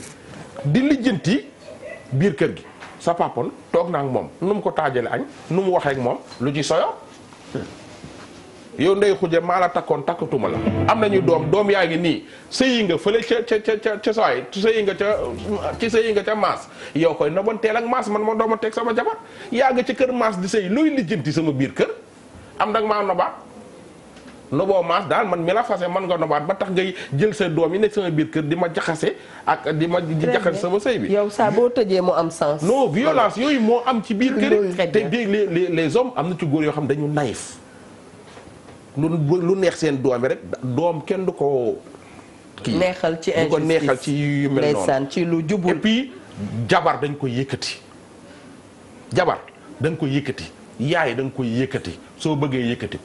di lijjanti biir kër gi sa papon toog naa ak moom nu mu ko taajale ak nu mu waxee ak moom lu ci soyo yow ndey xuje maa la takkoon takkatuma la am nañu doom doom yaa ngi nii sëyi nga fële ca ca ca ca saay sëyi nga ca ci sëyi nga ca maas yow koy nobanteel ak maas man ma dooma teg sama jabar yaa nga ci kër maas di sëy looy lijjanti sama biir kër am nag maa nobaat noboo maas daal man mi la fase man nga nobaat ba tax ngay jël sa doom yi nekk sama biir kër di ma jaxase ak di ma di jaxase sama sëy bi yow saa boo tëjee mu am sens non violence yooyu moo am ci biir kër te les hommes am na ci góor yoo xam dañu naïf lu lu neex seen doom rek doom kenn du ko. kii neexal ci injustice du neexal ci yu ci lu jubul et jabar dañ koy yëkkati. jabar dañ koy yëkkati yaay dañ koy yëkkati soo bëggee yëkkati ko.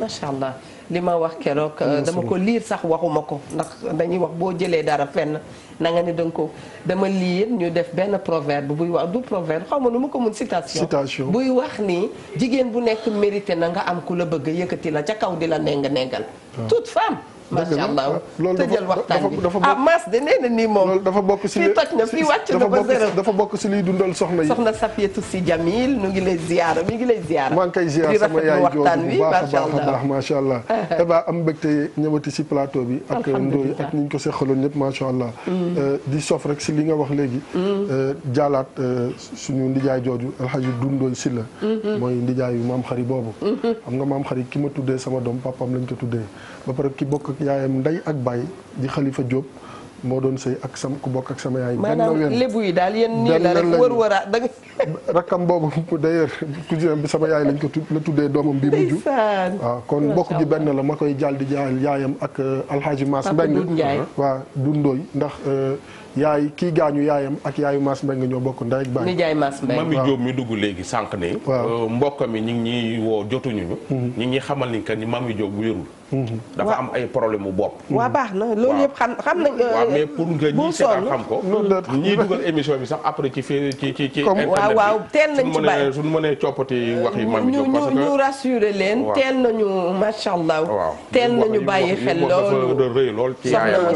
macha allah li ma wax keroog. dama ko liir sax waxuma ko ndax dañuy wax boo jëlee dara fenn. na nga ni da nga ko dama lii ñu def benn proverbe buy wax du proverbe xaw ma nu ma ko mun citation. citation buy wax ni jigéen bu nekk mérité na nga am ku la bëgg yëkkati la ca kaw di la neng nengal ah. toute femme. macha allah ah, tëjal waxtaan bi ah Mass de nee na nii moom. dafa bokk si fii toj na fii wàcc na ba zéro dafa bokk si liy dundal soxna yi. soxna Safiatou si Jamil nu ngi lay ziyaara mi ngi lay ziyaara. maa ngi koy ziyaar sama yaay waxtaan wi macha allah macha allah. Eva am mbégte ñëwati si plateau bi. ak euh, Ndoye ak ni ñu ko seqaloon ñëpp macha allah. Mm. Euh, di sof rek si li nga wax léegi. Mm. Euh, jaalaat suñu ndijaay jooju El Hadj Dundoy si la. Mm-hmm. mooy ndijaayu maam xari boobu. Mm-hmm. xam nga maam xari ki ma tuddee sama doom papaam lañ ko tuddee ba pare ki bokk yaayam ndey ak baay di xalifa Diop moo doon sëy ak sam ku bokk ak sama yaay. benn maanaam lébu yi daal yéen nii la rek wër-wëraa da nga rakkam boobu d'ailleurs cousin bi sama yaay lañ ko la tuddee doomam bi mujj waaw kon mbokk gi benn la ma koy jàll di jaayal yaayam ak euh, alxaaji Maas Mbeng waaw dundooy ndax euh, yaay kii gaañu yaayam ak yaayu Maas Mbeng ñoo bokk ndey ak baay ni jaay Maas Mbeng mami dugg léegi sànq ne euh, mi ñi ngi ñuy woo jotuñu ñu mhm. ngi xamal ni ni mami Jóob wérul mhm. dafa am problème mu bopp. baax na loolu yëpp xam xam nañ. nga ñi seetaan xam ko. ñii dugal émission bi sax après ci fii ci ci ci. waaw waaw teel nañ ci bàyyi suñu mënee coppati wax yi mami ñu ñu ñu rassuré leen teel nañu macha allah teel nañu bàyyi xel loolu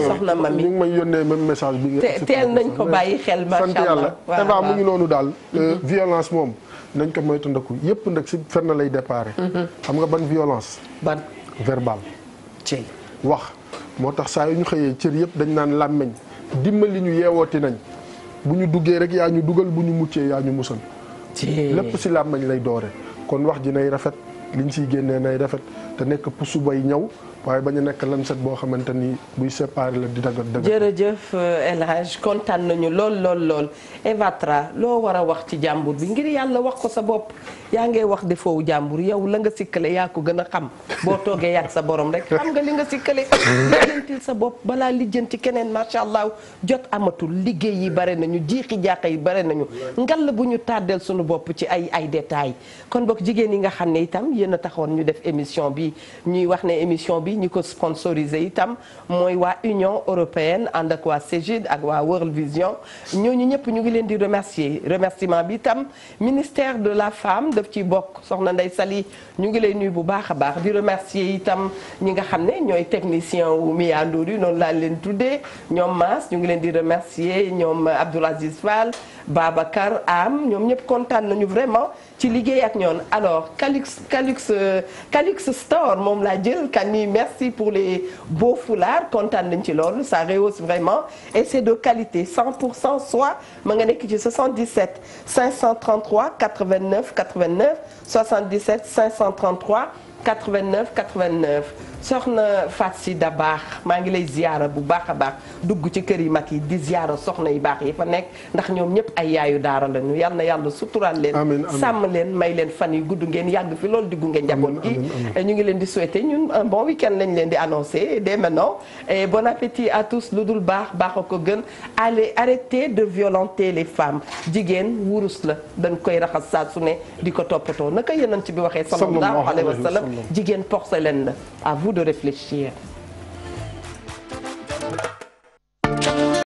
soxna mami yónnee même message bi teel nañ ko bàyyi xel macha allah Eva mu ngi noonu daal mhm. euh, violence moom nañ ko moytandiku yëpp nag si na lay déparé mhm. xam nga ban violence ban verbal ci wax moo tax saa yu ñu xëyee cër yëpp dañ naan làmmeñ dimbali ñu yeewooti nañ bu ñu duggee rek yaa ñu dugal bu ñu muccee yaa ñu musal lépp si làmmañ lay doore kon wax ji nay rafet ñu siy génnee nay rafet te nekk pusu bay ñaw waaye ba ñu nekk lancet boo xamante ni buy séparé la di dagat dagat. jërëjëf jëf euh, Hadj kontaan nañu lool lool lool vatra loo war a wax ci jàmbur bi ngir yàlla wax ko sa bopp yaa ngay wax defoowu jàmbur yow la nga sikkale yaa ko gën a xam boo toogee yàgg sa borom rek xam nga li nga sikkale lijjantil sa bopp balaa lijjanti keneen macha allah jot amatul liggéey yi bare nañu jiixi jaaxa yi bare nañu ngal bu ñu tàddeel suñu bopp ci ay ay détails kon bokk jigéen yi nga xam ne itam yéen a taxoon ñu def émission bi ñuy wax ne émission bi bi ñi ko sponsorisé itam mooy waa Union européenne ànd ak waa Cégide ak waa World Vision ñooñu ñëpp ñu ngi leen di remercier remerciement bi itam ministère de la femme daf ci bokk soxna Ndey Sali ñu ngi lay nuyu bu baax a baax di remercier itam ñi nga xam ne ñooy technicien wu Mia Ndour yi noonu laa leen tuddee ñoom Mass ñu ngi leen di remercier ñoom Abdoul Aziz Fall Babacar Am ñoom ñëpp kontaan nañu vraiment ci liggéey ak ñoom alors Calix Calix euh, Calix Store moom laa jël Kani merci pour les beaux foulards kontaan nañ ci loolu ça rehausse vraiment et c'est de qualité 100 pour cent soit ma nga nekk ci 77 533 89 89 77 533 89 89. soxna Fatou si da baax maa ngi lay ziyaara bu baax a baax dugg ci kër yi mag yi di ziyaara soxna yi baax yi fa nekk ndax ñoom ñëpp ay yaayu daara lañu yal na yàlla suturaal leen sàmm leen may leen fan yu gudd ngeen yàgg fi loolu di gunge njaboot gi ñu ngi leen di souhaiter ñun un bon week-end lañ leen di annoncer dès maintenant et bon appétit à lu dul baax baax a ko gën allez arrêtez de violenter les jigéen wurus la dañ koy raxas saa su ne di ko toppatoo naka yonent bi waxee sallallahu alayhi wa sallam jigéen porcelaine la de réfléchir.